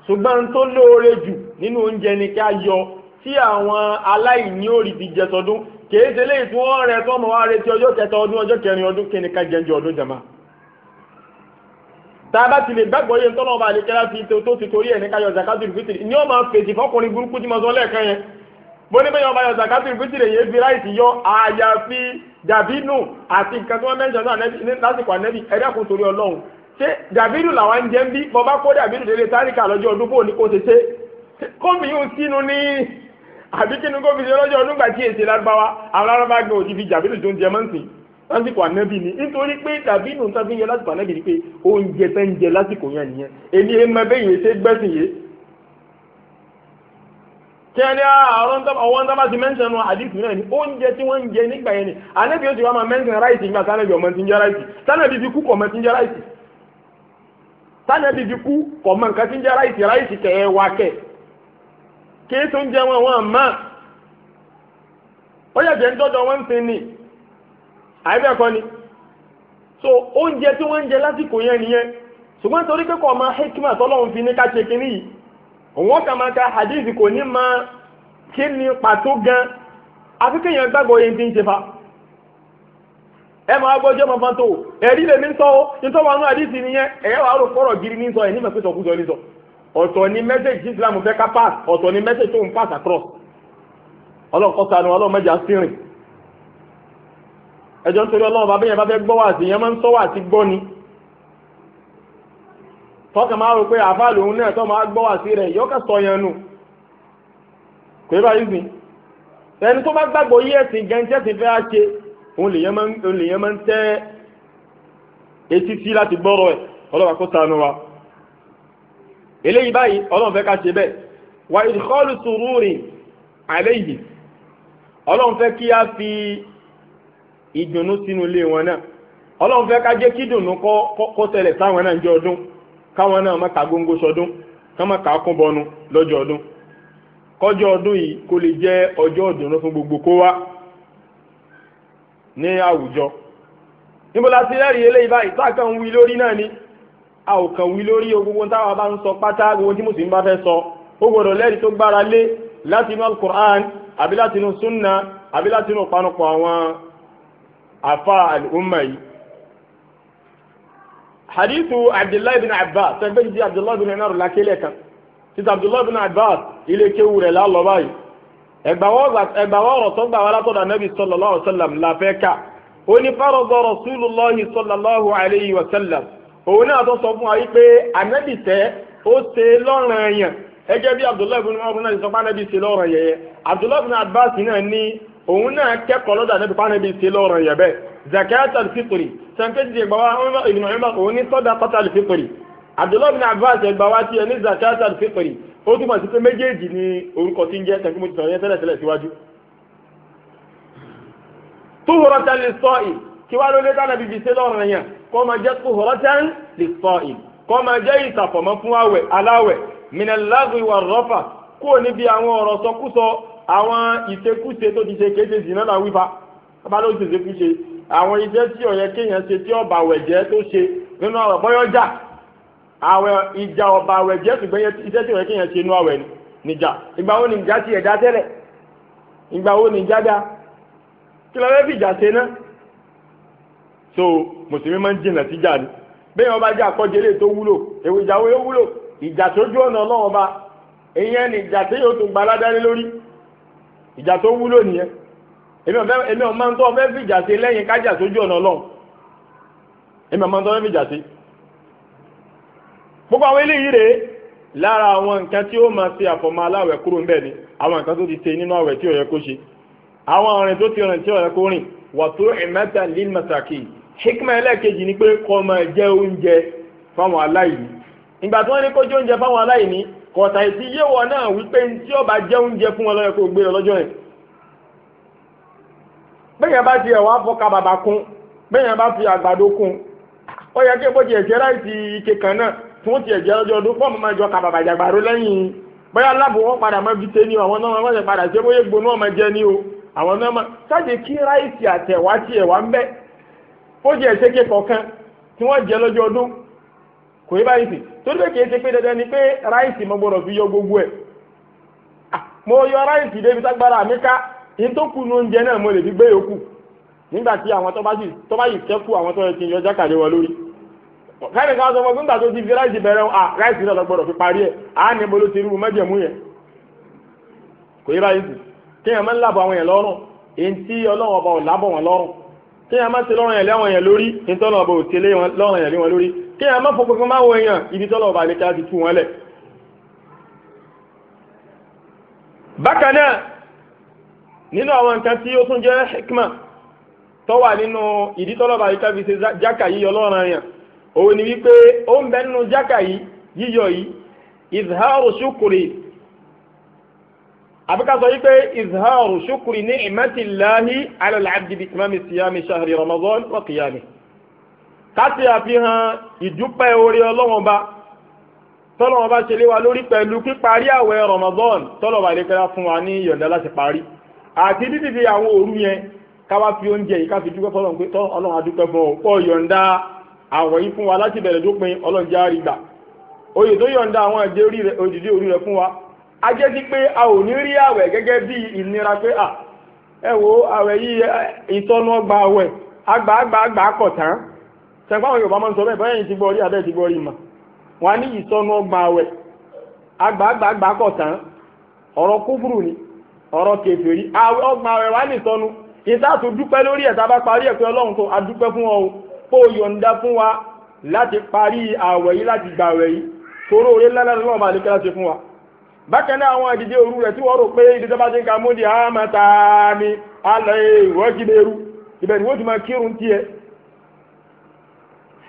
ṣùgbọ́n tó lóore jù nínú oúnjẹ ni ká yọ tí àwọn aláìní òrìbí jẹ tọdún kèé ṣe léyìí tí wọ́n rẹ tọ́mọ wá retí ọjọ́ kẹta ọdún ọjọ́ kẹrin ọdún kí ká jẹ́ ọdún jẹ̀máà tá a bá ti lè gbàgbọ́ yẹn tọ́lọ́ ọba àlekẹ́lá fi tó ti torí ẹ̀ ní ká yọ zakatul fitiri ní ọmọ fèsì fọkùnrin burúkú tí mo sọ lẹ́ẹ̀kan yẹn bó ní bẹ́yọ̀ ọba yọ zakatul fitiri yẹn fi láì ti yọ àyàfi dàbínú àti nǹkan tí wọ́n mẹ́jọ náà lásìkò ànẹ́bí ẹ̀dẹ́kùn torí ọlọ́run ṣé dàbínú làwọn ń jẹ ń bí mo bá kó dàbínú délé táríkà lọ́jọ́ ọdún bó ní kó ṣe ṣe kómi yóò sínú ní àbíkínú kó fi ṣe lọ́jọ́ ọdún gbà tí èsì lárúbáwá àwọn lárúbá gbé òjì fi dàbínú tó ń jẹ lásìkò ànábì ni nítorí pé tàbí inú tó fi ń yẹ lásìkò ànábì ni pé oúnjẹ tó ń jẹ lásìkò yẹn nìyẹn èmi ẹ máa bẹ́yìn ṣe gbẹ́sìn yé kí ẹni àárọ̀ ọwọ́ ń ti mẹ́ńsán nu àdìsí náà ni oúnjẹ tí wọ́n ń jẹ nígbà yẹn ni ànábì ó ti wá máa mẹ́ńsán ráìsì nígbà tánàbì ọmọ ti ń jẹ ráìsì tánàbì fi kú kọ̀ ọmọ ti ń jẹ ráìsì tánàbì fi kú kọ̀ ọmọ nǹkan ti ń jẹ ráìsì ráìsì kẹ̀ ẹ́ wá kẹ̀ kí tó ń jẹ wọn wọn mọ́ ó yẹ jẹ́ ń tọ́jọ́ wọn ń ni àìbẹ̀kọ́ ni so oúnjẹ tí wọ́n ń jẹ lásìkò yẹn nìyẹn ṣùgbọ́n torí pé kò máa hekima tọ́lọ́run fi ní ká ṣe yìí kà máa ka hadith kò ní máa kí ni pàtó gan àfi kéèyàn gbàgbọ́ yẹn ti ń ṣe fa ẹ máa gbọ́jọ́ máa fan tó ẹ̀rí lèmi ń sọ ó nítorí wọn àdìsí nìyẹn ẹ̀yẹ́ wàá rò gírí ní sọ ẹ̀ nígbà kúzọ ní sọ ọ̀tọ̀ ni mẹ́sẹ̀gì Islam fẹ́ ká pass ọ̀tọ̀ ni mẹ́sẹ̀gì tó ń ẹjọ́ ń torí ọlọ́run bàbá yẹn bá fẹ́ gbọ́ wà sí yẹn máa ń sọ wà sí gbọ́ ni tọ́kà máa rò pé àfáà lòun náà tó máa gbọ́ wà sí rẹ̀ yọ́kà sọ yẹn nù kò yíba yìí sìn ẹni tó bá gbàgbọ́ yí ẹ̀sìn gẹ́ńtẹ́ ti fẹ́ ṣe òun lèyẹn máa ń tẹ́ etí sí láti gbọ́rọ̀ ẹ̀ ọlọ́run kó ṣàánú wa eléyìí báyìí ọlọ́run fẹ́ ká ṣe bẹ́ẹ̀ wà ìdíkọ́lù sùúrù rìn àlẹ́ ọlọ́run fẹ́ kí á fi ìdùnnú sínú ilé wọn náà ọlọ́run fẹ́ ká jẹ́ kí ìdùnnú kó tẹ̀lẹ̀ sáwọn náà jọ ọdún káwọn náà má ka góńgó sọdún ká má ka kún bọnu lọ́jọ́ ọdún kọjọ́ ọdún yìí kó lè jẹ́ ọjọ́ ìdùnnú fún gbogbo kó wá ní àwùjọ níbo la ti rẹ́rìí eléyìí báyìí tá a kàn ń wí lórí náà ni a ò kàn wí lórí gbogbo táwa bá ń sọ pátá gbogbo tí mùsùlùmí bá fẹ́ sọ ó gbọdọ̀ lẹ́rìí tó gbára lé látinú alukur'an àbí látinú sunna àbí látinú panupọ̀ àwọn àfa àlùmọ̀ yìí. hadithu abdullahi bin abbas tẹ́gbẹ́ jíjí abdullahi bin ẹ̀nàrò lákélé kan títí abdullahi bin abbas ilé kéwù rẹ̀ lálọ́ báyìí. ẹgbàwọ́ ọ̀rọ̀ tó gbà wá látọ̀dọ̀ anabi sallallahu alayhi wa sallam la fẹ́ ká ó ní fárọ̀gọ́ rasulullahi sallallahu alayhi wa sallam òun náà tó sọ fún wa wípé anabi tẹ́ ó ṣe lọ́rùn ẹ̀yàn ẹgẹ́ bí abdullahi bin ọmọ náà ti sọ fún anabi ṣe lọ́rùn ẹ̀yẹ abdullahi bin abbas náà ní òun náà kẹ́kọ̀ọ́ lọ́dọ̀ àti pípa níbi ìṣe lọ́rọ̀ yẹ̀ bẹ́ẹ̀ zakat alfitri sankeji ìgbàwá ìgbìmọ̀ ìgbà òun abdullahi abbas ó túmọ̀ sí pé méjèèjì ni orúkọ tí ń jẹ́ tẹ̀kí mo ti sọ̀rọ̀ yẹn tẹ́lẹ̀ tẹ́lẹ̀ síwájú. tuhuratan lis-sa'i kí wàá lóde tá nàbí ìṣe lọ́rọ̀ yẹn kó máa jẹ́ jẹ́ ìtàfọ̀mọ́ fún àwọn ìṣekúṣe tó ti ṣe kéde sí náà wípa bá ló ṣe ṣekúṣe àwọn iṣẹ́ tí ọ̀yẹ́ kéèyàn ṣe tí ọba àwẹ̀jẹ́ tó ṣe nínú àwẹ̀ bọ́yọ́jà àwẹ̀ ìjà ọba àwẹ̀jẹ́ ṣùgbọ́n iṣẹ́ tí ọ̀yẹ́ kéèyàn ṣe nínú àwẹ̀ níjà ìgbà wo ni ìjà ti ẹ̀dá tẹ́lẹ̀ ìgbà wo ni ìjà dá kí lọ́wọ́ fi ìjà ṣe náà so mùsùlùmí máa ń jìnà síjà ni bẹ́ẹ̀ wọn bá jẹ́ àkọ́jẹ́ lè tó wúlò èwo ìjà wo yóò wúlò ìjà tó jó ọ̀nà ọlọ́wọ́n ba ìyẹn ni ìjà tí yóò tún gbaládá lórí ìjà tó wúlò nìyẹn èmi ọ̀ma ń tọ́ fìjà sí lẹ́yìn kájà sójú ọ̀nà ọlọ́run èmi ọ̀ma ń tọ́ fẹ́ fìjà sí. àwọn eléyìí rèé lára àwọn nǹkan tí ó máa ṣe àfọ̀mọ́ aláwẹ̀ kúrò ń ni àwọn nǹkan ti ṣe nínú àwẹ̀ tí kó ṣe àwọn ọ̀rìn ti rìn tí kó rìn wà masaki ẹlẹ́ẹ̀kejì ni pé máa jẹ oúnjẹ fáwọn aláìní ìgbà tí wọ́n ní kó jẹ oúnjẹ kọ̀tà ìsí yéwọ̀ náà wípé tí ó bá jẹ́ oúnjẹ fún wọn lọ́yẹ̀ kó gbé lọ lọ́jọ́ yẹn bẹ́yẹn bá tiẹ̀ wá fọ́ka bàbá kún bẹ́yẹn bá fi àgbàdo kún ó yẹ kí bóti ẹ̀jẹ̀ láìsí ike kan náà fún ti ẹ̀jẹ̀ lọ́jọ́ ọdún fọ́ọ̀mù máa jọ kàbàbà jàgbàdo lẹ́yìn bóyá láàbù wọn padà máa fi tẹ́ ni àwọn náà wọ́n ṣe padà ṣe bóyá gbóná ọmọ torí pé kìí ṣe pé dandan ni pé ráìsì mo gbọ́dọ̀ fi yọ gbogbo ẹ̀ mo yọ ráìsì débi tágbára mi ká ní tó kù ní oúnjẹ náà mo lè fi gbé yòókù nígbà tí àwọn tó bá yìí kẹ́kù àwọn tó yẹ kí n yọ jákàlẹ̀ wọ lórí káyọ̀ ká sọ fún gbígbà tó ti fi ráìsì bẹ̀rẹ̀ à ráìsì náà lọ gbọ́dọ̀ fi parí ẹ̀ à ní bolo ti rú mẹ́jẹ̀mú yẹn kò yí ráìsì kéèyàn máa ń làbọ̀ àwọn yẹn lọ́rùn èyí tí ọlọ́wọ́ ọba ò lábọ̀ wọn lọ́rùn kéèyàn máa ń ṣe lọ́rùn yẹn lé àwọn yẹn lórí èyí tó ọlọ́wọ́ ọba ò ṣe lé wọn lórí kí ẹ má fọpọ̀ fún máwọn èèyàn ibi tọ́lọ̀ ọba ní ká ti tú wọn lẹ̀ bákan náà nínú àwọn nǹkan tí ó tún jẹ́ hikma tó wà nínú ìdí tọ́lọ̀ ọba ní ká fi ṣe jákà yíyọ lọ́ràn yàn òun ni wípé ó ń bẹ nínú jákà yíyọ yìí izharu shukuri àbíká sọ wípé izharu shukuri ní ìmẹ́tìláhi alàlàbdìbì imam siyami shahri ramadan wa qiyami káti àfihàn ìdúpẹ́ orí ọlọ́wọ́n ba tọ́lọ́wọ́n bá ṣe lé wa lórí pẹ̀lú píparí àwẹ̀ Ramadan tọ́lọ́wọ́ àlékẹ́lá fún wa ní ìyọ̀ǹda láti parí àti títí fi àwọn òru yẹn káwá fi oúnjẹ yìí ká fi dúpẹ́ fọlọ́n pé tọ́ ọlọ́run adúpẹ́ fún ọ pọ̀ yọ̀ǹda àwẹ̀ yìí fún wa láti bẹ̀rẹ̀ dópin ọlọ́run já rí gbà oyè tó yọ̀ǹda àwọn òdìdí orí rẹ̀ fún wa a jẹ́ sí pé a ò ní rí àwẹ̀ gẹ́gẹ́ bí ìnira pé ẹ wo àwẹ̀ yìí ìtọ́nú ọgbà àwẹ̀ àgbà àgbà àgbà kọ̀ tán sẹ̀gbọ́n yorùbá máa ń sọ bẹ́ẹ̀ bọ́yẹ̀ yìí ti gbọ́ rí abẹ́ ti gbọ́ rí mà wọ́n á ní ìsọnù ọgbà àwẹ̀ agbàgbàgbà kọ̀ tán ọ̀rọ̀ kúfùrù ni ọ̀rọ̀ kèfèrí ọgbà àwẹ̀ wà ní ìsọnù ìtàtù dúpẹ́ lórí ẹ̀ta bá parí ẹ̀pẹ́ ọlọ́run tó adúpẹ́ fún ọ pé ó yọ̀ǹda fún wa láti parí àwẹ̀ yìí láti gbà àwẹ̀ yìí toró orí lálẹ́lọ́wọ́ bákan náà àwọn ìdíje òru rẹ̀ tí wọ́n rò pé ibi bá ti ń ka múdi àmàtà ni alẹ́ ìwọ́jìbẹ̀rù ìbẹ̀rù wọ́n ti máa kírun tiẹ̀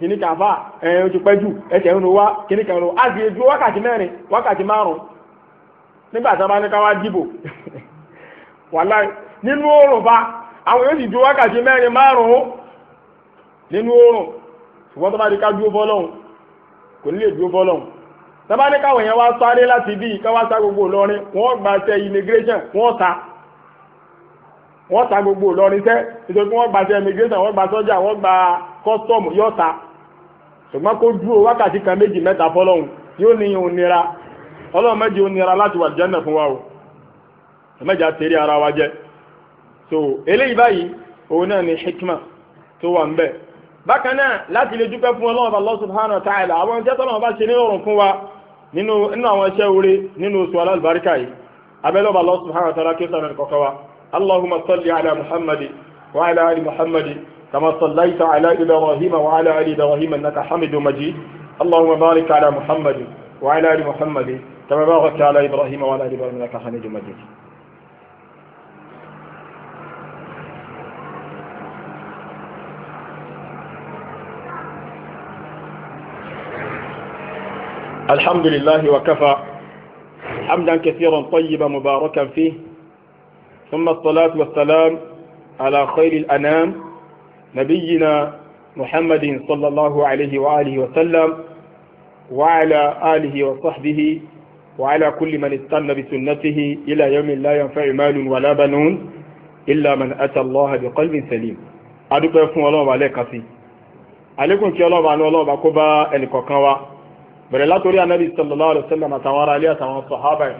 kìíní kàfà ó ti pẹ́ jù ẹsẹ̀ ń ro wá kìíní kan ro á sì ju wákàtí mẹ́rin wákàtí márùn-ún nígbà tí wọ́n bá ní ká wá dìbò wàláì nínú oòrùn fa àwọn yóò sì ju wákàtí mẹ́rin márùn-ún nínú oòrùn ṣùgbọ́n tó bá di ká dúró fọ́lọ́hun kò ní lè dúró fọ́lọ́hun tọ́bá ní káwọn èèyàn wá sáré láti bí i káwá sá gbogbo Ìlọrin wọ́n gba ṣe immigration wọ́n ta wọ́n ta gbogbo Ìlọrin tẹ́ nítorí wọ́n gba ṣe immigration wọ́n gba sọ́jà wọ́n gba kọ́sítọ́ọ̀mù yóò ta ṣùgbọ́n kó dúró wákàtí kan méjì mẹ́ta fọlọ́hún yóò ní òun nira ọlọ́run méjì òun nira láti wà jẹ́nà fún wa o mẹ́jà tẹ̀lé ara wa jẹ́ so eléyìí báyìí òun náà ni hikma tó wà ń bẹ̀ bákan náà láti lè dúpẹ́ fún ọlọ́run Allah subhanahu wa ta'ala àwọn iṣẹ́ tọ́lọ́run bá ṣe nírọ̀rùn fún wa nínú àwọn iṣẹ́ oore nínú oṣù alábàríkà yìí abẹ́lọ́ba Allah subhanahu wa ta'ala kí sọ̀rọ̀ kọ̀kọ́ wa allahumma salli ala muhammadi wa ala ali muhammadi كما صليت على إبراهيم وعلى آل إبراهيم إنك حميد مجيد اللهم بارك على محمد وعلى آل محمد كما باركت على إبراهيم وعلى آل إبراهيم إنك حميد مجيد الحمد لله وكفى حمدا كثيرا طيبا مباركا فيه ثم الصلاة والسلام على خير الأنام نبينا محمد صلى الله عليه وآله وسلم وعلى آله وصحبه وعلى كل من استنى بسنته إلى يوم لا ينفع مال ولا بنون إلا من أتى الله بقلب سليم adúpẹ́ fún ọlọ́run wa lẹ́ẹ̀kan sí àlékún kí ọlọ́run àánú ọlọ́run bá kó bá ẹnìkọ̀ọ̀kan wa bẹ̀rẹ̀ látòrí anábì sallallahu alaihi wasallam àtàwọn ará ilé àtàwọn sọ̀hábà ẹ̀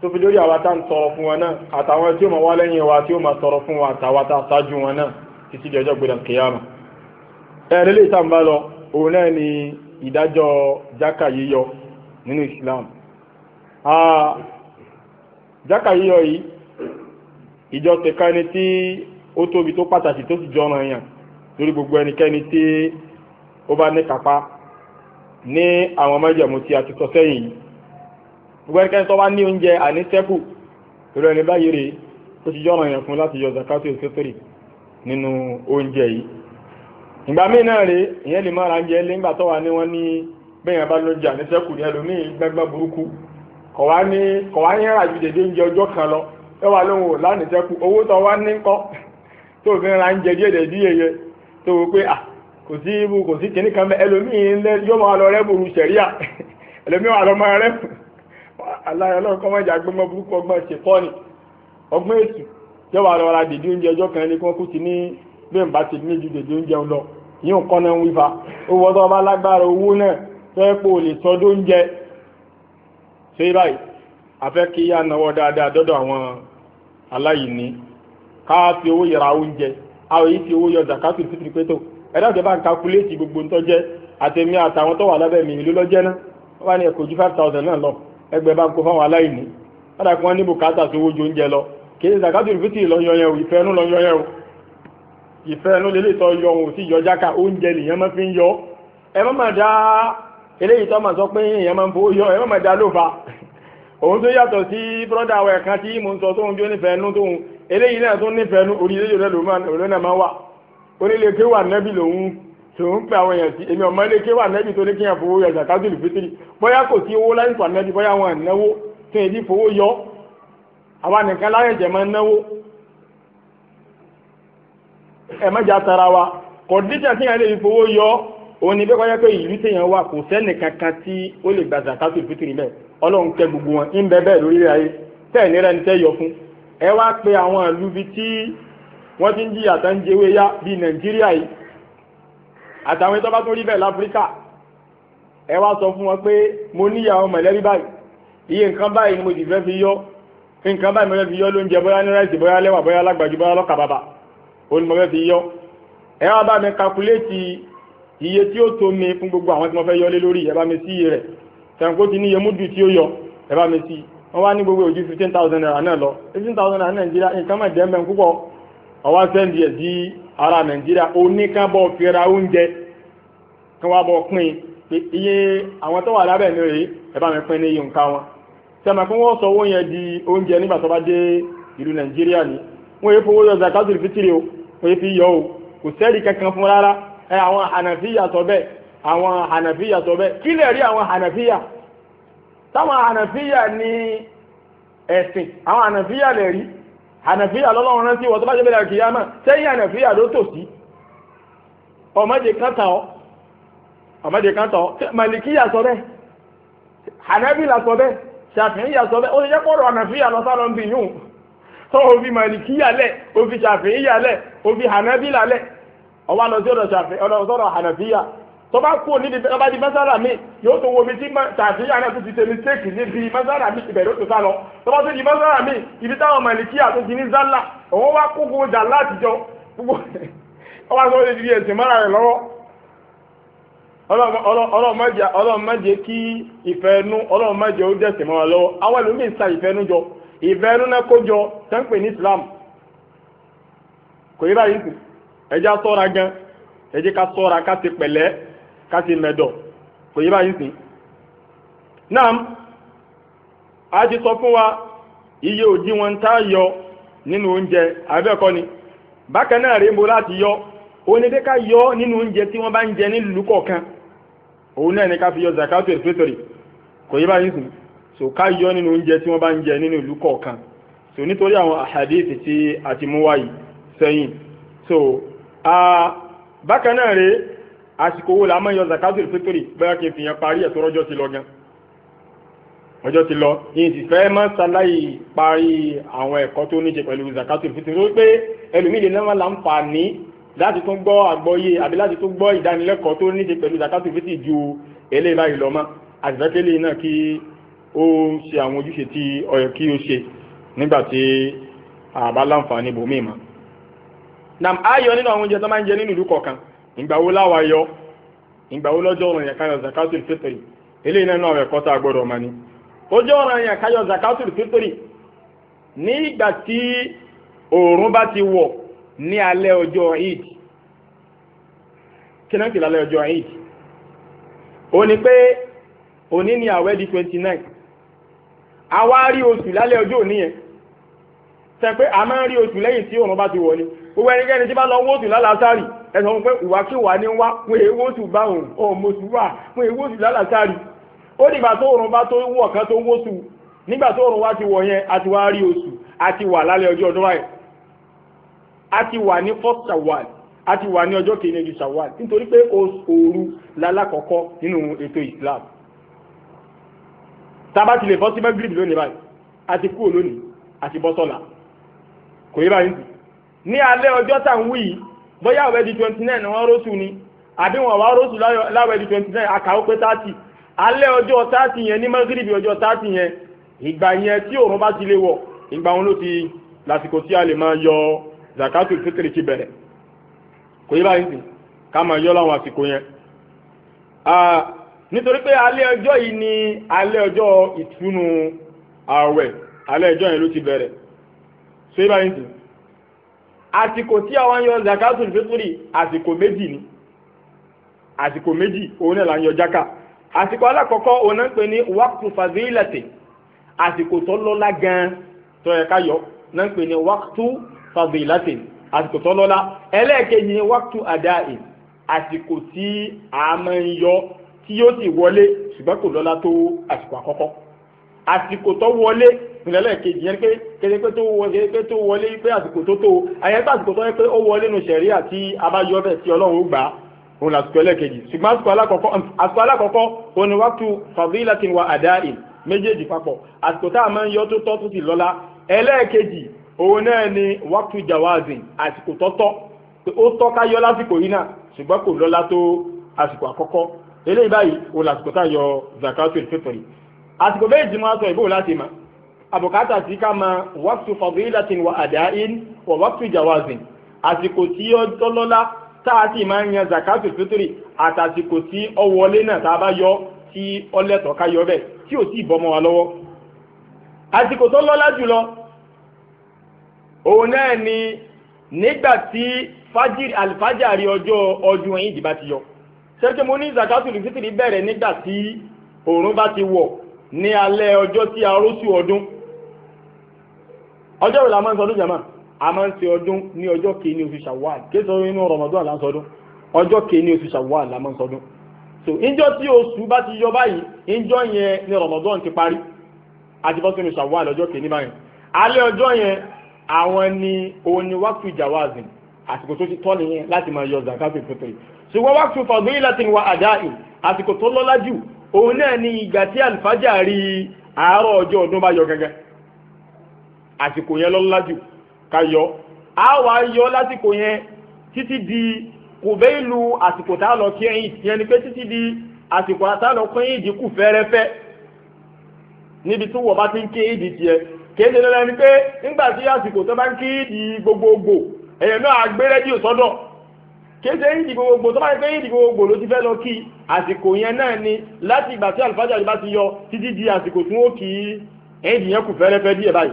tó fi lórí àwa tá ń sọ̀rọ̀ fún wọn náà àtàwọn tí ó máa wá lẹ́yìn wa tí ó máa sọ̀rọ̀ fún wa àtàwọn tá a ṣáájú wọn náà títí di ọjọ́ gbẹ̀dẹ̀ kìyàmà ẹ̀rẹ́ lè sàmbá lọ òun náà ni ìdájọ́ jákà yíyọ nínú Islam jákà yíyọ yìí ìjọ tẹ̀ka ẹni tí ó tóbi tó pàtàkì tó sì jọra èèyàn lórí gbogbo ẹnikẹ́ni tí ó bá ní kápá ní àwọn mẹ́jẹ̀mú tí a ti sọ sẹ́yìn yìí gbogbo ẹnikẹ́ni tó bá ní oúnjẹ àní sẹ́kù ìrọ̀ ẹni báyìí rèé tó sì jọra èèyàn fún láti yọ zakato ìfẹ́fẹ́rì nínú oúnjẹ yìí ìgbà míì náà rí ìyẹn lè máa ra oúnjẹ lé ńgbà tó wà ní wọn ní bẹ́ẹ̀ yẹn bá ló jà ní sẹ́kù ní gbẹ́gbẹ́ burúkú kọ̀wá ní kọ̀wá ní rà ju dèdè oúnjẹ ọjọ́ kan lọ ẹ wà lóhùn lánìí sẹ́kù owó tó wá ní kọ́ tó fi ra oúnjẹ díẹ̀ dẹ̀ díẹ̀ yẹ tó wọ pé ah kò sí ibu kò sí kìnnìkan bẹ́ẹ̀ yóò máa lọ jọba lọ ra dèdè oúnjẹ ọjọ́ kan ní kí wọ́n kú ti ní bẹ́ẹ̀ bá ti ní ju dèdè oúnjẹ lọ yíò kọ́ náà ń wífa owó tó bá lágbára owó náà fẹ́ pò lè sọdọ́ oúnjẹ ṣé báyìí afẹ́ kí á náwó dáadáa dọ́dọ̀ àwọn aláìní ká fi owó yẹra oúnjẹ àwọn èyí fi owó yọ zakatu fitri pé tó ẹ̀dá ìjọba ń kakuléètì gbogbo ń tọ́jẹ́ àtẹ̀mí àtàwọn tó wà lábẹ́ mi ìlú lọ́jẹ́ náà wọ́n wá ní ẹ̀kọ́ ju five thousand náà lọ ẹgbẹ́ bá ń kó fáwọn aláìní wọ́n dà kí wọ́n ní bùkátà sówó ju oúnjẹ lọ kìí zakatul fitri lọ yọyẹ o ìfẹ́ ẹnu lọ yọyẹ o ìfẹ́ ẹnu lè lè tọ́ yọ òun sí yọ jáka oúnjẹ nìyẹn máa fi ń yọ ẹ má máa dá eléyìí tó máa sọ pé èèyàn máa ń fowó yọ ẹ má máa dá ló fa òun tó yàtọ̀ sí brọ́dà wẹ̀ kan tí mo ń sọ tóun jó nífẹ̀ẹ́ ẹnu tóun eléyìí náà tó nífẹ̀ẹ́ ẹnu orí ilé ìjọba lòun náà máa wà onílé kéwà nẹ́bí lòun tòun pè àwọn èèyàn sí èmi ọmọ ilé kéwà nẹ́bí tó ní kéèyàn fowó yọ zakatul fitri bóyá kò sí owó láyé fà àwa nìkan láyé jẹ̀mọ́ náwó ẹ̀mẹ́jà tara wa kọ̀díjà tí yẹn lè fi fowó yọ òun ni bẹ́ẹ̀ kọ́yẹ́ pé ìlú tèèyàn wà kò sẹ́nì kankan tí ó lè gbà zakatul fitiri bẹ́ẹ̀ ọlọ́run kẹ gbogbo wọn ń bẹ bẹ́ẹ̀ lórí ayé tẹ́ẹ̀ nira ni tẹ́ yọ fún ẹ wá pé àwọn ìlú bi tí wọ́n ti ń jìyà tá ń jẹwé yá bíi nàìjíríà yìí àtàwọn ìtọ́ bá rí bẹ́ẹ̀ láfíríkà ẹ wá sọ fún wọn pé mo níyàwó mọ̀lẹ́bí báyìí iye nǹkan báyìí ni mo sì fẹ́ fi yọ nǹkan báyìí mo fẹ́ fi yọ lóúnjẹ bóyá ní ráìsì bóyá lẹ́wà bóyá lágbàjú bóyá lọ́kà bàbà ó ní mo fẹ́ fi yọ ẹ wá bá mi kakuléètì iye tí ó tó mi fún gbogbo àwọn tí mo fẹ́ yọ lé lórí ẹ bá mi sí iye rẹ̀ sẹ̀ǹkó ti ní iye múdù tí ó yọ ẹ bá mi sí wọ́n wá ní gbogbo ojú fifteen thousand naira náà lọ fifteen thousand naira nàìjíríà nǹkan mọ̀ dẹ́mẹ̀ púpọ̀ ọwọ́ sẹ́ndì ẹ̀ sí ara nàìjíríà oníkàbọ̀ fira oúnjẹ kan wá iye àwọn tó wà lábẹ́ mi rèé ẹ bá mi sẹ́mà pé wọ́n sọ owó yẹn di oúnjẹ nígbà tó bá dé ìlú nàìjíríà ni wọ́n yẹ fowó yọ zakatul fitiri o wọ́n yẹ fi yọ o kò sẹ́ẹ̀rì kankan fún rárá ẹ àwọn hànàfíyà sọ bẹ́ẹ̀ àwọn hànàfíyà sọ bẹ́ẹ̀ kí lè rí àwọn hànàfíyà táwọn hànàfíyà ní ẹ̀sìn àwọn hànàfíyà lè rí hànàfíyà lọ́lọ́run rántí wọ́n tó bá jẹ́ kìyàmà sẹ́yìn hànàfíyà ló tòsí ọmọdé kan ọmọdé kan ṣàfihàn yà sọ bẹ́ẹ̀ ó lè jẹ́ pọ̀rọ̀ ànàfíà lọ sálọ ń bì yún o fi màlìkíyà lẹ̀ o fi ṣàfihàn yà o fi hànábìlà lẹ̀ ọwọ́ àlọ́ sí ọ̀dọ̀ sọ̀rọ̀ tó bá kú di mọ́sálà mi yóò tó wo mi tí ṣàfihàn tó ti ṣe mistake níbi mi ìbẹ̀rẹ̀ tó sálọ tó bá tó di mi ibi táwọn tó ti ní zálà òun wá kó ọlọ́run má kí ìfẹ́ ẹnu ọlọ́run jẹ́ ó dẹ̀sẹ̀ mọ́ awa lọ́wọ́ sa ìfẹ́ ẹnu jọ ìfẹ́ ẹnu náà kó jọ tẹ́ ní Islam kò yíra yìí sùn ẹjẹ́ sọ́ra gan ẹjẹ́ ká a ti sọ fún wa iye wọn tá yọ nínú oúnjẹ ni bákan náà rèébo láti yọ yọ nínú oúnjẹ tí wọ́n bá ń jẹ nílùú òun náà ni ká fi yọ zakato ìfẹ́tọ̀rì kò yí báyìí sùn so ká yọ nínú oúnjẹ tí wọ́n bá ń jẹ nínú ìlú kọ̀ọ̀kan so nítorí àwọn àhàdíìsì tí a ti mú wáyìí sẹ́yìn so bákan náà rèé àsìkò wo la máa yọ zakato ìfẹ́tọ̀rì bẹ́ẹ̀ kí n fi yẹn parí ẹ̀ tó rọ́jọ́ ti lọ gan ọjọ́ ti lọ yìí sì fẹ́ máa ṣaláì parí àwọn ẹ̀kọ́ tó ní pẹ̀lú zakato ìfẹ́tọ̀rì wípé ẹlòmíì lè náà máa là ń fà ní láti tún gbọ́ àgbọ́yé àbí láti tún gbọ́ ìdánilẹ́kọ̀ọ́ tó ní ṣe pẹ̀lú zakatu fiti ju eléyìí báyìí lọ́mọ́ àtìfẹ́kẹ́lẹ́ náà kí ó ń ṣe àwọn ojúṣe tí ó yẹ kí ó ṣe nígbà tí àbá láǹfààní bòmíì mọ́. nam ayọ̀ nínú àwọn oúnjẹ tó máa ń jẹ nínú ìlú kọ̀ọ̀kan ìgbà wo láwa yọ ìgbà wo lọ́jọ́ ọ̀ràn yẹn káyọ̀ bá ti wọ̀ ní alẹ́ ọjọ́ eid kí náà kì lálẹ́ ọjọ́ eid ó ní pé òní ni àwẹ̀ di twenty nine àwa rí oṣù lálẹ́ ọjọ́ òní yẹn tẹ pé a máa ń rí oṣù lẹ́yìn tí òun bá ti wọ̀ ni gbogbo ẹnikẹ́ni tí bá lọ wóṣù lálásárì ẹ sọ pé ìwàkiwà ni wá pé wóṣù bá òun ọmọṣù wà pé wóṣù lálásárì ó dìgbà tó òun bá tó wọ̀ kan tó wóṣù nígbà tó òun wá ti wọ̀ yẹn àti wá rí oṣù àti wà lálẹ́ ọjọ́ ọdún báyìí a ti wà ní first Shawwal a ti wà ní ọjọ́ kìíní ojú Shawwal nítorí pé òru lálákọ̀ọ́kọ́ nínú ètò Islam tába ti lè bọ́ sí Maghrib lónìí báyìí a ti kúrò lónìí a ti bọ́ sọ́la kò yé báyìí ní alẹ́ ọjọ́ tá à ń wí yìí bóyá ọ̀wẹ́ di twenty nine wọ́n rósù ni àbí wọn wá rósù láwẹ̀ di twenty nine àkàwọ́ pé thirty alẹ́ ọjọ́ thirty yẹn ní Maghrib ọjọ́ thirty yẹn ìgbà yẹn tí òòrùn bá ti lè wọ̀ ìgbà wọn ló ti lásìkò tí a lè máa yọ zakatul fitiri ti bẹ̀rẹ̀ kò yí báyìí sìn ká máa yọ láwọn àsìkò yẹn nítorí pé alẹ́ ọjọ́ yìí ni alẹ́ ọjọ́ ìtúnu ààwẹ̀ alẹ́ ọjọ́ yẹn ló ti bẹ̀rẹ̀ kò yí báyìí sìn àsìkò tí àwọn yọ zakatul fitiri àsìkò méjì ni àsìkò méjì òun náà là ń yọ jáka àsìkò alákọ̀ọ́kọ́ òun náà ń pè ní wákùtù fàzílẹ̀tì àsìkò tó lọ́lá gan-an tó yẹ ká yọ náà ń pè ní wákùtù fadilatin àsìkò tó lọ́lá ẹlẹ́ẹ̀kejì ni wákùtù àdáì àsìkò tí a máa ń yọ tí yóò sì wọlé ṣùgbọ́n kò lọ́lá tó àsìkò àkọ́kọ́ àsìkò tó wọlé ìpínlẹ̀ lẹ́ẹ̀kejì yẹn pé kéde pé tó wọlé pé tó wọlé pé àsìkò tó tó ayẹyẹ pé àsìkò tó yẹ pé ó wọlé nu sẹ̀rí àti abájọ́ tí ọlọ́run ó gbà á òun làsìkò ẹlẹ́ẹ̀kejì ṣùgbọ́n àsìkò alákọ̀ọ́kọ́ àsìkò alákọ̀ọ́kọ́ òun ni wákùtù fadilatin wa àdáì méjèèjì papọ̀ àsìkò tá a máa ń yọ tó tọ́ tó sì lọ́lá ẹlẹ́ẹ̀kejì òun náà ni wákùtù jawazin àsìkò tọ́tọ́ pé ó tọ́ ká yọ lásìkò yìí náà ṣùgbọ́n kò lọ́lá tó àsìkò àkọ́kọ́ eléyìí báyìí o lásìkò tá a yọ zakatul fitri àsìkò bẹ́ẹ̀ jìmọ̀ aṣọ ìbò láti mọ̀ àbùkátà sí ká mọ̀ wákùtù fadilatin wa ada'in wa wákùtù jawazin àsìkò tí ó tọ́lọ́lá tá a sì máa ń yan zakatul fitri àtàsìkò tí ó wọlé náà tá a bá yọ òun náà ni nígbà tí fajiri alifajari ọjọ́ ọdún ẹ̀yìn ìdìbà ti yọ ṣẹ́kẹ́ mo ní zakatul fitiri bẹ̀rẹ̀ nígbà tí òòrùn bá ti wọ̀ ní alẹ́ ọjọ́ tí a róṣù ọdún ọjọ́ ìlà máa ń sọdún jàmá a máa ń ṣe ọdún ní ọjọ́ kìíní oṣù Ṣawwal kéṣọ inú Ramadan là ń sọdún ọjọ́ kìíní oṣù Ṣawwal là máa ń sọdún so ìjọ tí oṣù bá ti yọ báyìí ìjọ yẹn ní Ramadan ti parí àti bọ́sùn oṣù Ṣawwal lọ́jọ́ kìíní báyìí alẹ́ ọjọ́ yẹn àwọn ni òun ni wákìtù jawazin àsìkò tó ti tọ́ nìyẹn láti máa yọ zakatul fitri ṣùgbọ́n wákìtù fadilatin wa àdáì àsìkò tó lọ́lá jù òun náà ni ìgbà tí àlùfájàrí àárọ̀ ọjọ́ ọdún bá yọ gẹ́gẹ́ àsìkò yẹn lọ́lá jù ká yọ á wà yọ lásìkò yẹn títí di kò bẹ́ ìlú àsìkò tá a lọ kí ẹyin ìtìyẹn ni pé títí di àsìkò tá a lọ kí ẹyin ìdínkù fẹ́rẹ́fẹ́ níbi tí wọ́n bá ti ń kí ẹyin ìdí tiẹ̀ kéde lọ́la ni pé nígbà tí àsìkò tó bá ń kí ìdí gbogbogbò èèyàn náà á gbé rédíò sọ́dọ̀ kéde ìdí gbogbogbò tó bá ń pé ìdí gbogbogbò ló ti fẹ́ lọ kí àsìkò yẹn náà ni láti ìgbà tí àlùfáàjà bá ti yọ títí di àsìkò tí wọ́n kì í ìdí yẹn kù fẹ́rẹ́fẹ́ díẹ̀ báyìí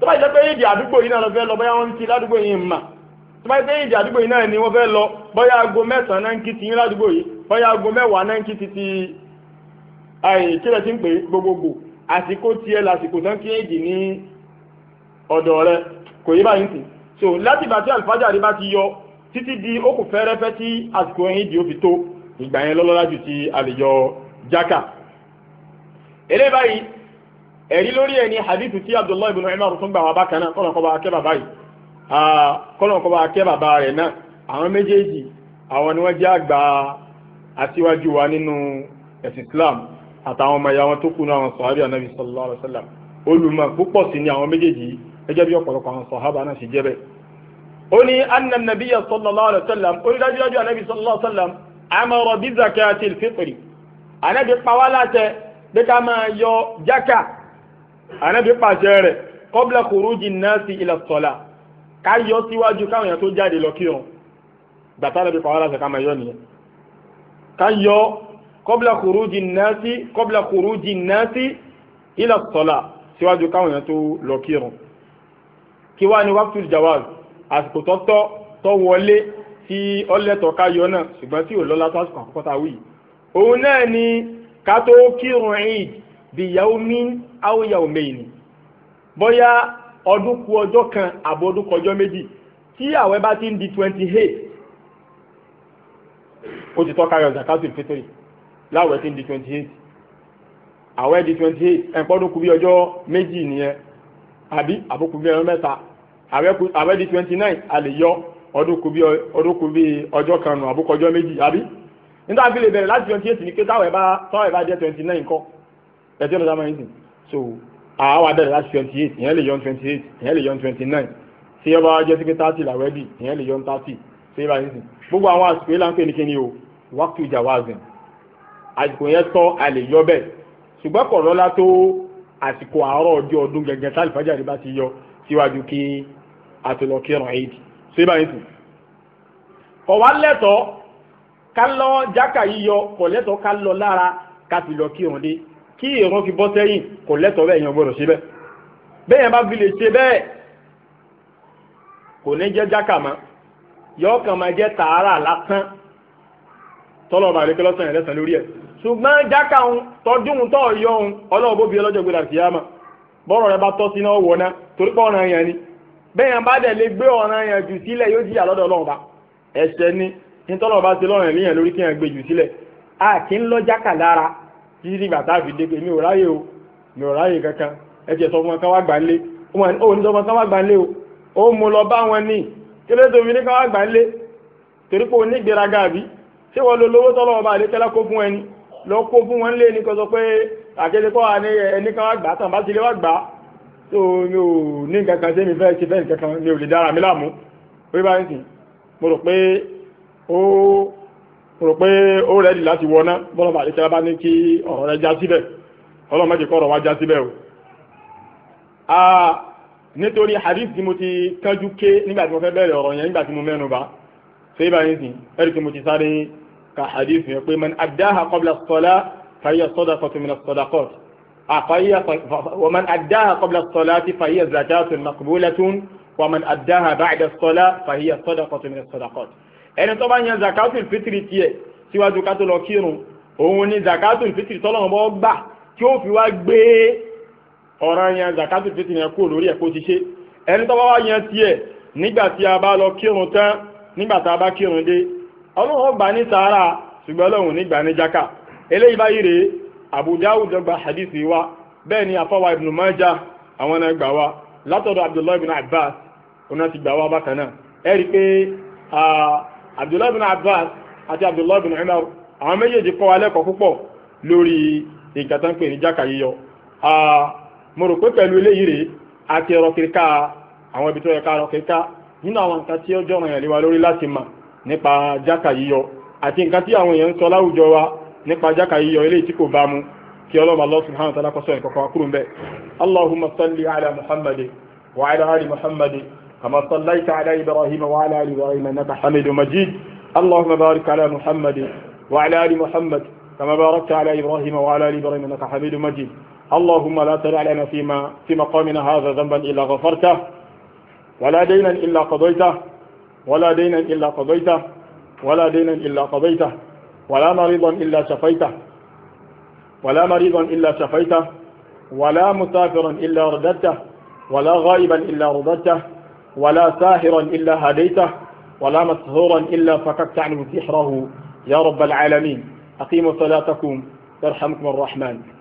tó bá jẹ́ pé ìdí àdúgbò yìí náà lọ fẹ́ lọ bóyá wọ́n ń ládùúgbò yìí mà tó bá jẹ́ pé ìdí àdúgbò yìí náà ni wọ́n fẹ́ lọ bóyá aago mẹ́sàn-án náà ń kí ti yín ládùúgbò yìí bóyá aago mẹ́wàá náà ń kí ti ti àyè kílẹ̀ ti ń pè gbogbogbò àsìkò tiẹ̀ lásìkò tán kí èjì ní ọ̀dọ̀ rẹ kò yí báyìí nìsín so láti ìgbà tí àlùfájàrí bá ti yọ títí di ó kù fẹ́rẹ́fẹ́ tí àsìkò ẹ̀yìn di ó fi tó ìgbà yẹn lọ́lọ́lá ju ti àlèyọ jákà eré báyìí ẹ̀rí lórí ẹni hadithu tí abdullahi ibn umar tún gbà wá bákan náà kọ́nà kọ́ba akẹ́ bàbá yìí kọ́nà kọ́ba akẹ́ bàbá rẹ̀ náà àwọn méjèèjì àwọn ni wọ́n jẹ́ àgbà aṣíwájú wa nínú ẹ̀sìn islam àtàwọn ọmọ ìyá wọn tó kù ní àwọn sọ̀hábì ànábì sallallahu alaihi wasallam olùmọ̀ púpọ̀ sí ni àwọn méjèèjì gẹ́gẹ́ bí ọ̀pọ̀lọpọ̀ àwọn sọ̀hábà náà ṣe jẹ́ bẹ́ẹ̀. ó ní anna nabiyya sallallahu alaihi wasallam ó ní dájúdájú ànábì sallallahu alaihi wasallam amara bi zakati alfitri ànábì pa wá láṣẹ pé ká máa yọ jákà ànábì pàṣẹ rẹ̀ qabla khuruji nasi ila salah ká yọ síwájú káwọn èèyàn tó jáde lọ kírun gbàtà ànábì pa wá ká máa yọ kọ́bílà kùrújì náàtì kọ́bílà kùrújì náàtì ilà sọ́là síwájú káwọn èèyàn tó lọ kírun kí wá ní wákùtù jawaz àsìkò tọ́tọ́ tó wọlé tí ọlẹ́tọ̀ ká yọ náà ṣùgbọ́n tí ò lọ́lá tó àsìkò àkọ́kọ́ tá a wí òun náà ni ká tó kírun eid bí yawmin aw yawmayn bóyá ọdún kù ọjọ́ kan àbọ̀ ọdún kọjọ́ méjì tí àwẹ̀ bá ti ń di twenty eight ó ti tọ́ ká yọ zakatul fitri láwẹ̀ tí ń di 28. eight àwẹ̀ di 28. eight ẹ̀pọ́dún kù bí ọjọ́ méjì nìyẹn àbí àbúkù bí ọjọ́ mẹ́ta àwẹ̀ di twenty nine a lè yọ ọdún kù bí ọdún kù bí ọjọ́ kan nù àbúkù ọjọ́ méjì àbí nígbà tí lè bẹ̀rẹ̀ láti twenty eight ní pé táwẹ̀ bá táwẹ̀ bá jẹ́ 29. nine kọ́ ẹ̀tí ọ̀dọ́ sábà ń sìn so àwa bẹ̀rẹ̀ láti twenty eight ìyẹn lè yọ twenty eight ìyẹn lè yọ twenty nine tí ọba jẹ́ sí pé thirty làwẹ̀ dì ìyẹn lè yọ thirty tí ó bá ń sìn gbogbo àwọn àsìkò yìí là ń pè ní wákìtì ìjà wáàzìn àsìkò yẹn tọ́ a lè yọ bẹ́ẹ̀ ṣùgbọ́n kọ̀ lọ́lá tó àsìkò àárọ̀ ọjọ́ ọdún gẹ́gẹ́ tá àlùfájàre bá ti yọ síwájú kí àtòlọ́ kírun Eid ṣé báyìí tù. kọ̀ wá lẹ́tọ̀ọ́ ká lọ jákà yíyọ kọ̀ lẹ́tọ̀ọ́ ká lọ lára ká sì lọ kírun dé kí ìrun fi bọ́ sẹ́yìn kò lẹ́tọ̀ọ́ bẹ́ẹ̀ yẹn gbọ́dọ̀ ṣe bẹ́ẹ̀ bẹ́ẹ̀ yẹn bá fi lè ṣe bẹ́ẹ̀ ṣùgbọ́n jáka òun tọ́jú òun tọ́ yọ òun ọlọ́run bó bi ọlọ́jọ́ gbé dàbí yá mà bọ́rọ̀ rẹ bá tọ́ sí náà wọ̀ náà torí pé ọ̀ràn yẹn ni bẹ́ẹ̀ yẹn bá dẹ̀ lè gbé yẹn jù sílẹ̀ yóò jìyà lọ́dọ̀ ẹ̀ṣẹ̀ ni ti lọ́rùn yẹn lórí kí a kì ń lọ lára o mi ò ráyè kankan ẹ sọ fún wọn ká wá gbà ńlé lọ kó fún wọn lé nìkan sọ pé àkété kọ́ wa ní ẹnìkan wá gbà tán bá ti lé wá gbà tó mi ò ní nǹkan kan ṣé mi fẹ́ ṣe fẹ́ nǹkan kan mi ò lè dára mi láàmú orí bá ń sìn mo rò pé ó mo rò pé ó rẹ́dì láti wọ ná bọ́lá bàdé kí a bá ní kí ọ̀rọ̀ rẹ já síbẹ̀ ọlọ́run má jẹ́ kọ́ ọ̀rọ̀ wa já síbẹ̀ o. nítorí hadith tí mo ti kánjú ké nígbà tí mo fẹ́ bẹ̀rẹ̀ ọ̀rọ̀ yẹn nígbà tí mo mẹ́nu bá ṣé ibà yín sìn ẹ̀rì tí mo ti sáré ka hadith yẹn pé man addaha qabla as-salah fàyà sadaqatun min as-sadaqat àfàyà wa man addaha qabla as-salati fàyà zakatun maqbulatun wa man addaha ba'da as-salah fàyà sadaqatun min as-sadaqat. ẹni tó bá yan zakatul fitri tiẹ̀ síwájú ká tó lọ kírun òun ni zakatul fitri tọ́lọ́run bọ́ gbà tí ó fi wá gbé ọ̀ràn yan zakatul fitri yẹn kúrò lórí ẹ̀ kó ti ṣe ẹni tó bá wá yan tiẹ̀ nígbà tí a bá lọ kírun tán nígbà tá a bá kírun ọlọ́run gbà ní sàárà ṣùgbọ́n ọlọ́run nígbà ní jákà eléyìí báyìí rèé Abu Dawud gba wa bẹ́ẹ̀ ni afọwà Ibn Majah àwọn náà gbà wá látọ̀dọ̀ Abdullahi ibn Abbas ọ̀nà ti gbà wá bákan Abbas àti Abdullahi ibn Umar àwọn méjèèjì kọ́ wa lẹ́kọ̀ọ́ púpọ̀ lórí nǹkan tó ń pè ní jákà yíyọ mo rò pé pẹ̀lú eléyìí rèé àti ẹ̀rọ nínú àwọn nǹkan tí ó jọ̀ràn yẹn lé lórí láti mọ̀ nípa jákà yíyọ àti nǹkan tí àwọn èèyàn ń sọ láwùjọ wa nípa jákà yíyọ eléyìí tí kò bá mu kí ọlọ́run Allah subhanahu wa ta'ala kó kúrò mbẹ́ allahumma salli ala muhammadin wa ala ali muhammadin kama sallaita ala ibrahim wa ala ali ibrahim innaka hamidun majid allahumma barik ala muhammadin wa ala ali muhammad كما باركت على إبراهيم وعلى ali إبراهيم إنك حميد مجيد اللهم لا تدع لنا فيما في مقامنا هذا ذنبا إلا غفرته ولا دينا إلا قضيته ولا دينا إلا قضيته ولا دينا إلا قضيته ولا مريضا إلا شفيته ولا مريضا إلا شفيته ولا مسافرا إلا رددته ولا غائبا إلا رددته ولا ساهرا إلا هديته ولا مسهورا إلا فككت عنه سحره يا رب العالمين أقيموا صلاتكم يرحمكم الرحمن